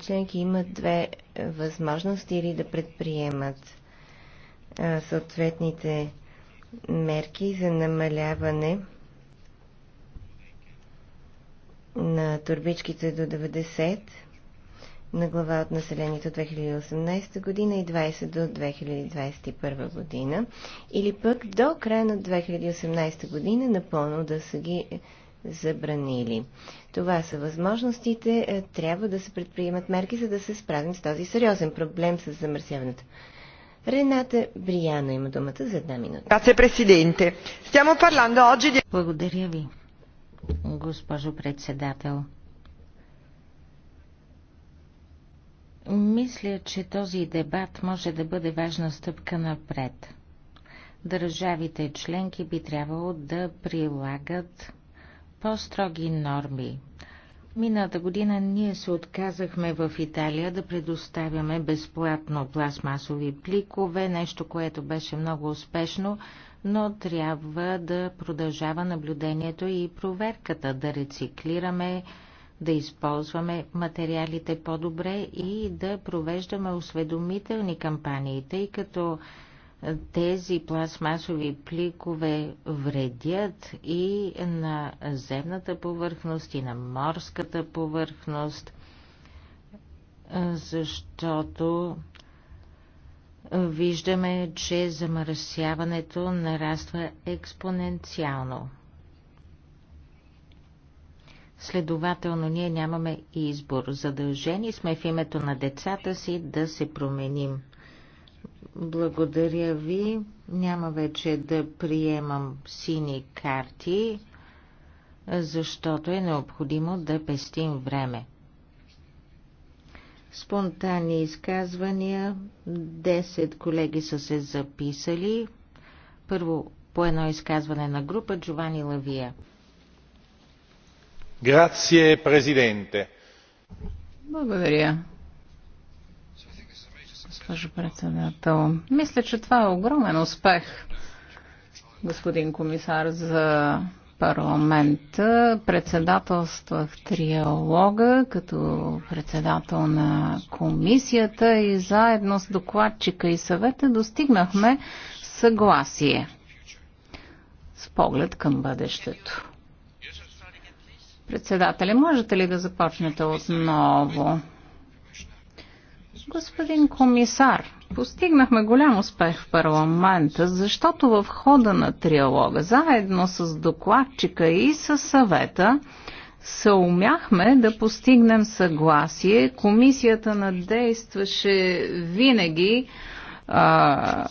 членки имат две възможности или да предприемат съответните мерки за намаляване на турбичките до 90 на глава от населението 2018 година и 20 до 2021 година, или пък до края на 2018 година напълно да са ги забранили. Това са възможностите. Е, трябва да се предприемат мерки, за да се справим с този сериозен проблем с замърсяването. Рената Брияна има думата за една минута. Благодаря ви, госпожо председател. Мисля, че този дебат може да бъде важна стъпка напред. Държавите членки би трябвало да прилагат по-строги норми Миналата година ние се отказахме в Италия да предоставяме безплатно пластмасови пликове, нещо, което беше много успешно, но трябва да продължава наблюдението и проверката, да рециклираме, да използваме материалите по-добре и да провеждаме осведомителни кампании, тъй като тези пластмасови пликове вредят и на земната повърхност, и на морската повърхност, защото виждаме, че замърсяването нараства експоненциално. Следователно, ние нямаме избор. Задължени сме в името на децата си да се променим. Благодаря ви. Няма вече да приемам сини карти, защото е необходимо да пестим време. Спонтанни изказвания. Десет колеги са се записали. Първо по едно изказване на група Джовани Лавия. Грация, президенте. Благодаря, госпожо председател. Мисля, че това е огромен успех, господин комисар, за парламента. Председателствах триалога като председател на комисията и заедно с докладчика и съвета достигнахме съгласие с поглед към бъдещето. Председателя, можете ли да започнете отново? Господин комисар, постигнахме голям успех в парламента, защото в хода на триалога, заедно с докладчика и с съвета, се умяхме да постигнем съгласие. Комисията надействаше винаги а,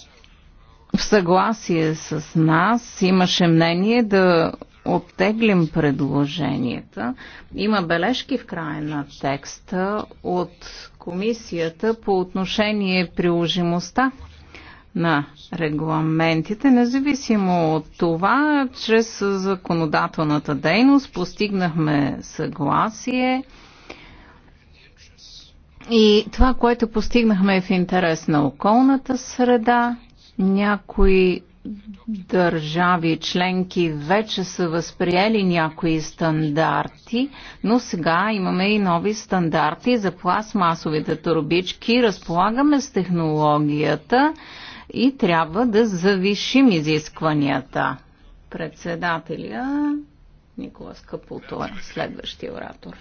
в съгласие с нас. Имаше мнение да оттеглим предложенията. Има бележки в края на текста от комисията по отношение приложимостта на регламентите, независимо от това, чрез законодателната дейност постигнахме съгласие и това, което постигнахме е в интерес на околната среда. Някои държави членки вече са възприели някои стандарти, но сега имаме и нови стандарти за пластмасовите турбички. Разполагаме с технологията и трябва да завишим изискванията. Председателя Никола Капуто е следващия оратор.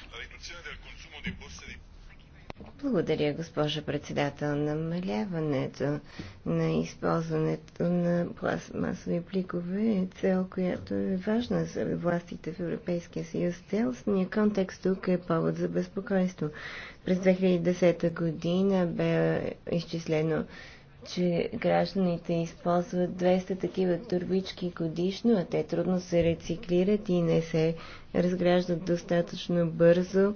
Благодаря, госпожа председател. Намаляването на използването на пластмасови пликове е цел, която е важна за властите в Европейския съюз. Целостния контекст тук е повод за безпокойство. През 2010 година бе изчислено че гражданите използват 200 такива турбички годишно, а те трудно се рециклират и не се разграждат достатъчно бързо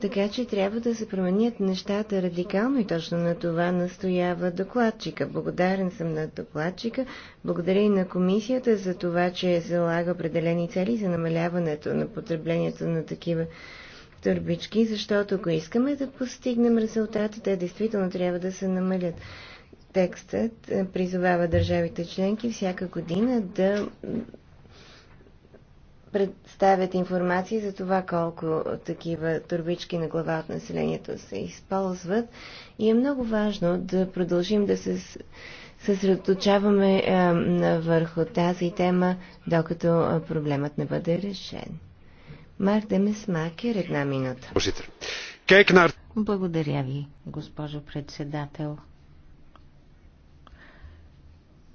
така че трябва да се променят нещата радикално и точно на това настоява докладчика. Благодарен съм на докладчика. Благодаря и на комисията за това, че залага определени цели за намаляването на потреблението на такива турбички, защото ако искаме да постигнем резултата, те действително трябва да се намалят. Текстът е, призовава държавите членки всяка година да представят информация за това колко такива турбички на глава от населението се използват. И е много важно да продължим да се съсредоточаваме е, върху тази тема, докато е, проблемът не бъде решен. Марк Демесмакер, една минута. Благодаря ви, госпожо председател.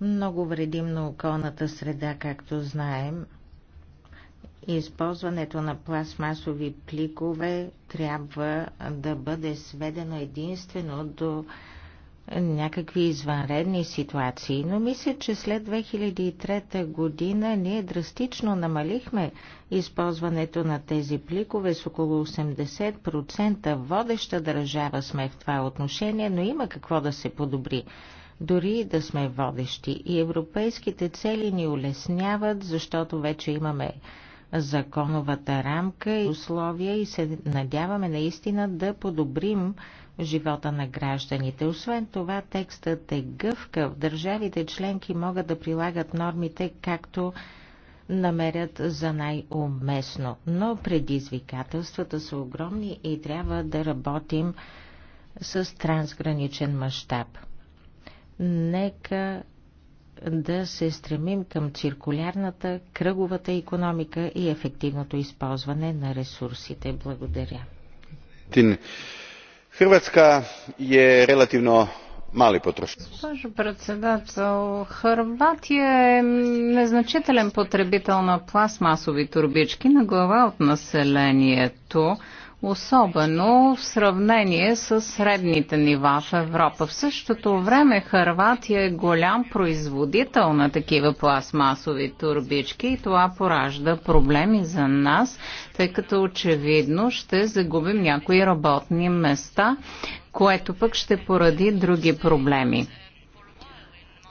Много вредим на околната среда, както знаем, Използването на пластмасови пликове трябва да бъде сведено единствено до някакви извънредни ситуации, но мисля, че след 2003 година ние драстично намалихме използването на тези пликове с около 80%. Водеща държава сме в това отношение, но има какво да се подобри. Дори да сме водещи и европейските цели ни улесняват, защото вече имаме законовата рамка и условия и се надяваме наистина да подобрим живота на гражданите. Освен това, текстът е гъвкав. Държавите членки могат да прилагат нормите както намерят за най-уместно. Но предизвикателствата са огромни и трябва да работим с трансграничен мащаб. Нека да се стремим към циркулярната, кръговата економика и ефективното използване на ресурсите. Благодаря. Хрватска е релативно мали потрошен. Госпожо председател, Хърватия е незначителен потребител на пластмасови турбички на глава от населението особено в сравнение с средните нива в Европа. В същото време Харватия е голям производител на такива пластмасови турбички и това поражда проблеми за нас, тъй като очевидно ще загубим някои работни места, което пък ще поради други проблеми.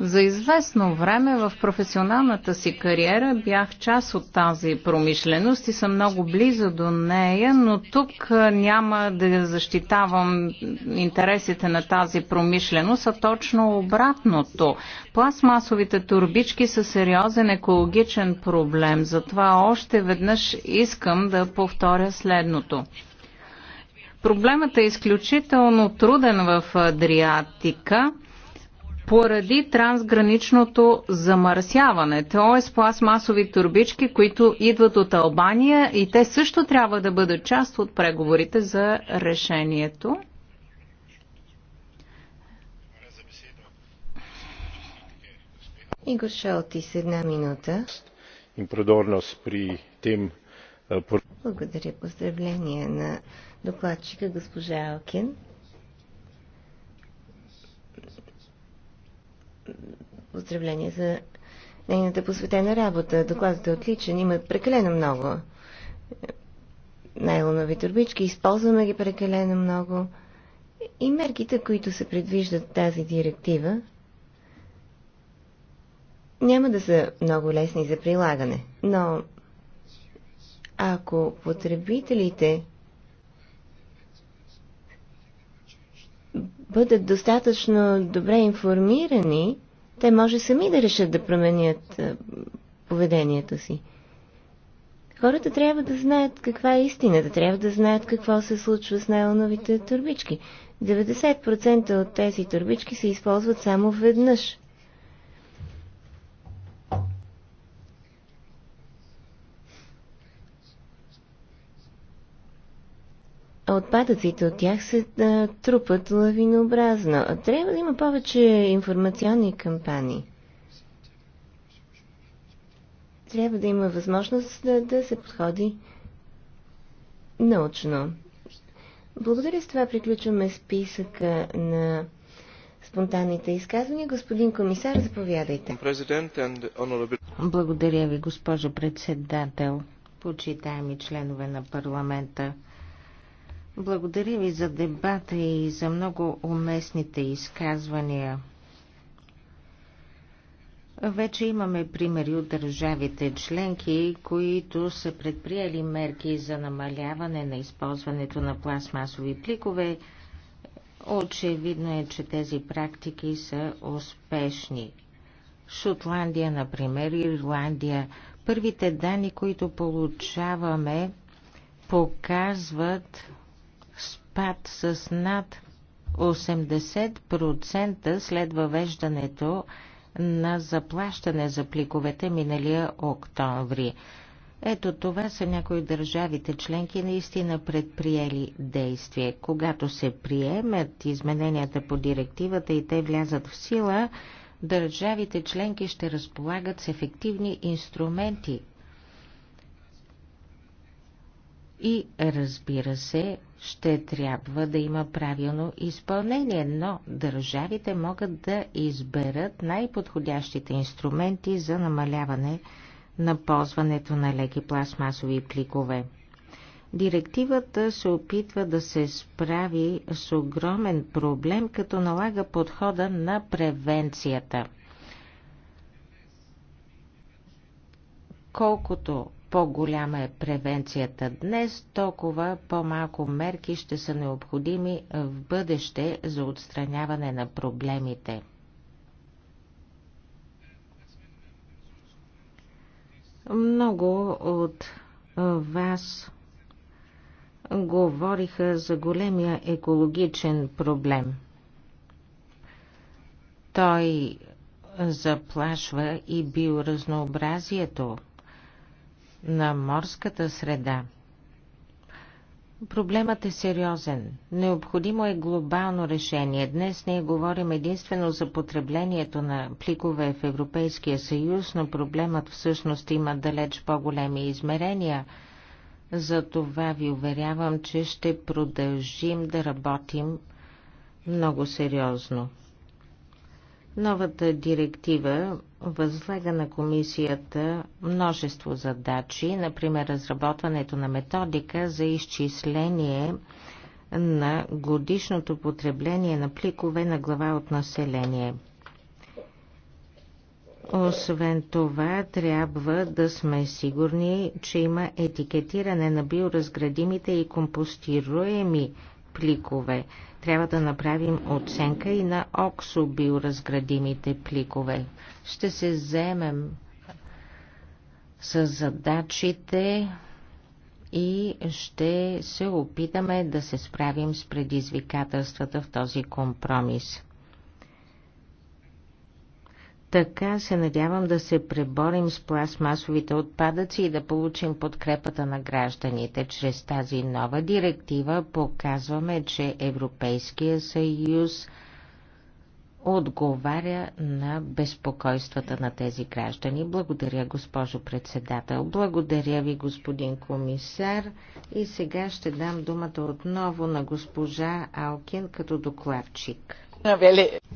За известно време в професионалната си кариера бях част от тази промишленост и съм много близо до нея, но тук няма да защитавам интересите на тази промишленост, а точно обратното. Пластмасовите турбички са сериозен екологичен проблем, затова още веднъж искам да повторя следното. Проблемът е изключително труден в Адриатика поради трансграничното замърсяване, т.е. пластмасови турбички, които идват от Албания и те също трябва да бъдат част от преговорите за решението. Игор Шалтис, една минута. при eh, Благодаря. Поздравления на докладчика госпожа Алкин. Поздравление за нейната посветена работа. Докладът е отличен, има прекалено много е, найлонови турбички, използваме ги прекалено много и мерките, които се предвиждат тази директива, няма да са много лесни за прилагане, но ако потребителите бъдат достатъчно добре информирани, те може сами да решат да променят поведението си. Хората трябва да знаят каква е истината, трябва да знаят какво се случва с найлоновите турбички. 90% от тези турбички се използват само веднъж. отпадъците от тях се а, трупат лавинообразно. Трябва да има повече информационни кампании. Трябва да има възможност да, да се подходи научно. Благодаря с това приключваме списъка на спонтанните изказвания. Господин комисар, заповядайте. Благодаря ви, госпожо председател, почитаеми членове на парламента. Благодаря ви за дебата и за много уместните изказвания. Вече имаме примери от държавите членки, които са предприели мерки за намаляване на използването на пластмасови пликове. Очевидно е, че тези практики са успешни. Шотландия, например, Ирландия. Първите данни, които получаваме, показват спад с над 80% след въвеждането на заплащане за пликовете миналия октомври. Ето това са някои държавите членки наистина предприели действие. Когато се приемат измененията по директивата и те влязат в сила, държавите членки ще разполагат с ефективни инструменти и разбира се, ще трябва да има правилно изпълнение, но държавите могат да изберат най-подходящите инструменти за намаляване на ползването на леки пластмасови пликове. Директивата се опитва да се справи с огромен проблем, като налага подхода на превенцията. Колкото по-голяма е превенцията днес, толкова по-малко мерки ще са необходими в бъдеще за отстраняване на проблемите. Много от вас говориха за големия екологичен проблем. Той заплашва и биоразнообразието – на морската среда. Проблемът е сериозен. Необходимо е глобално решение. Днес ние говорим единствено за потреблението на пликове в Европейския съюз, но проблемът всъщност има далеч по-големи измерения. За това ви уверявам, че ще продължим да работим много сериозно. Новата директива възлага на комисията множество задачи, например разработването на методика за изчисление на годишното потребление на пликове на глава от население. Освен това, трябва да сме сигурни, че има етикетиране на биоразградимите и компостируеми пликове. Трябва да направим оценка и на оксобиоразградимите пликове. Ще се заемем с задачите и ще се опитаме да се справим с предизвикателствата в този компромис. Така се надявам да се преборим с пластмасовите отпадъци и да получим подкрепата на гражданите. Чрез тази нова директива показваме, че Европейския съюз отговаря на безпокойствата на тези граждани. Благодаря, госпожо председател. Благодаря ви, господин комисар. И сега ще дам думата отново на госпожа Алкин като докладчик.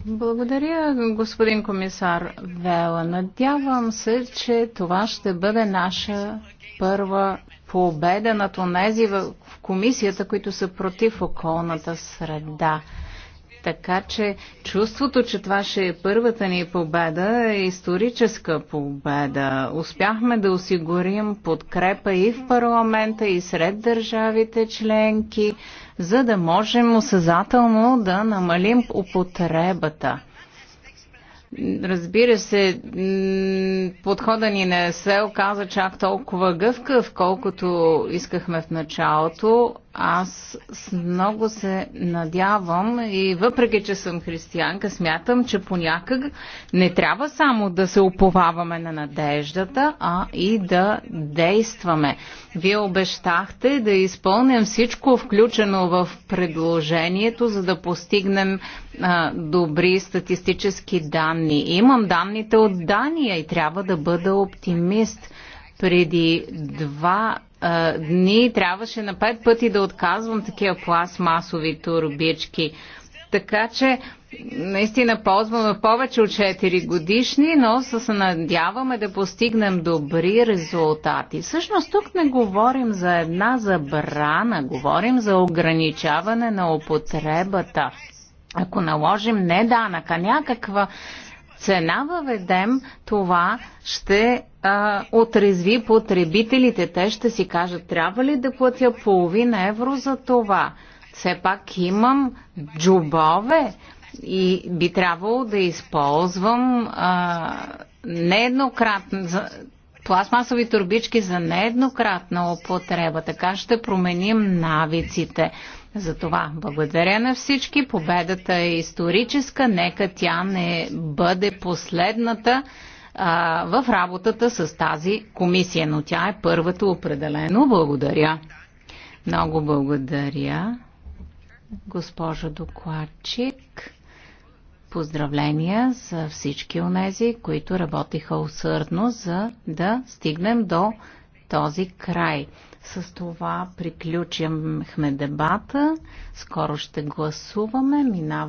Благодаря, господин комисар Вела. Надявам се, че това ще бъде наша първа победа на тонези в комисията, които са против околната среда. Така че чувството, че това ще е първата ни победа, е историческа победа. Успяхме да осигурим подкрепа и в парламента, и сред държавите членки, за да можем осъзнателно да намалим употребата. Разбира се, подхода ни не се оказа чак толкова гъвкав, колкото искахме в началото, аз много се надявам и въпреки, че съм християнка, смятам, че понякак не трябва само да се уповаваме на надеждата, а и да действаме. Вие обещахте да изпълним всичко включено в предложението, за да постигнем а, добри статистически данни. Имам данните от Дания и трябва да бъда оптимист преди два а, дни трябваше на пет пъти да отказвам такива пластмасови турбички. Така че наистина ползваме повече от 4 годишни, но се надяваме да постигнем добри резултати. Всъщност тук не говорим за една забрана, говорим за ограничаване на употребата. Ако наложим не данък, а някаква цена въведем, това ще а, отрезви потребителите. Те ще си кажат, трябва ли да платя половина евро за това? Все пак имам джубове и би трябвало да използвам а, нееднократно за, пластмасови турбички за нееднократна употреба. Така ще променим навиците. За това благодаря на всички. Победата е историческа. Нека тя не бъде последната а, в работата с тази комисия, но тя е първата определено. Благодаря. Много благодаря, госпожо докладчик. Поздравления за всички онези, които работиха усърдно, за да стигнем до този край. С това приключихме дебата. Скоро ще гласуваме. Минава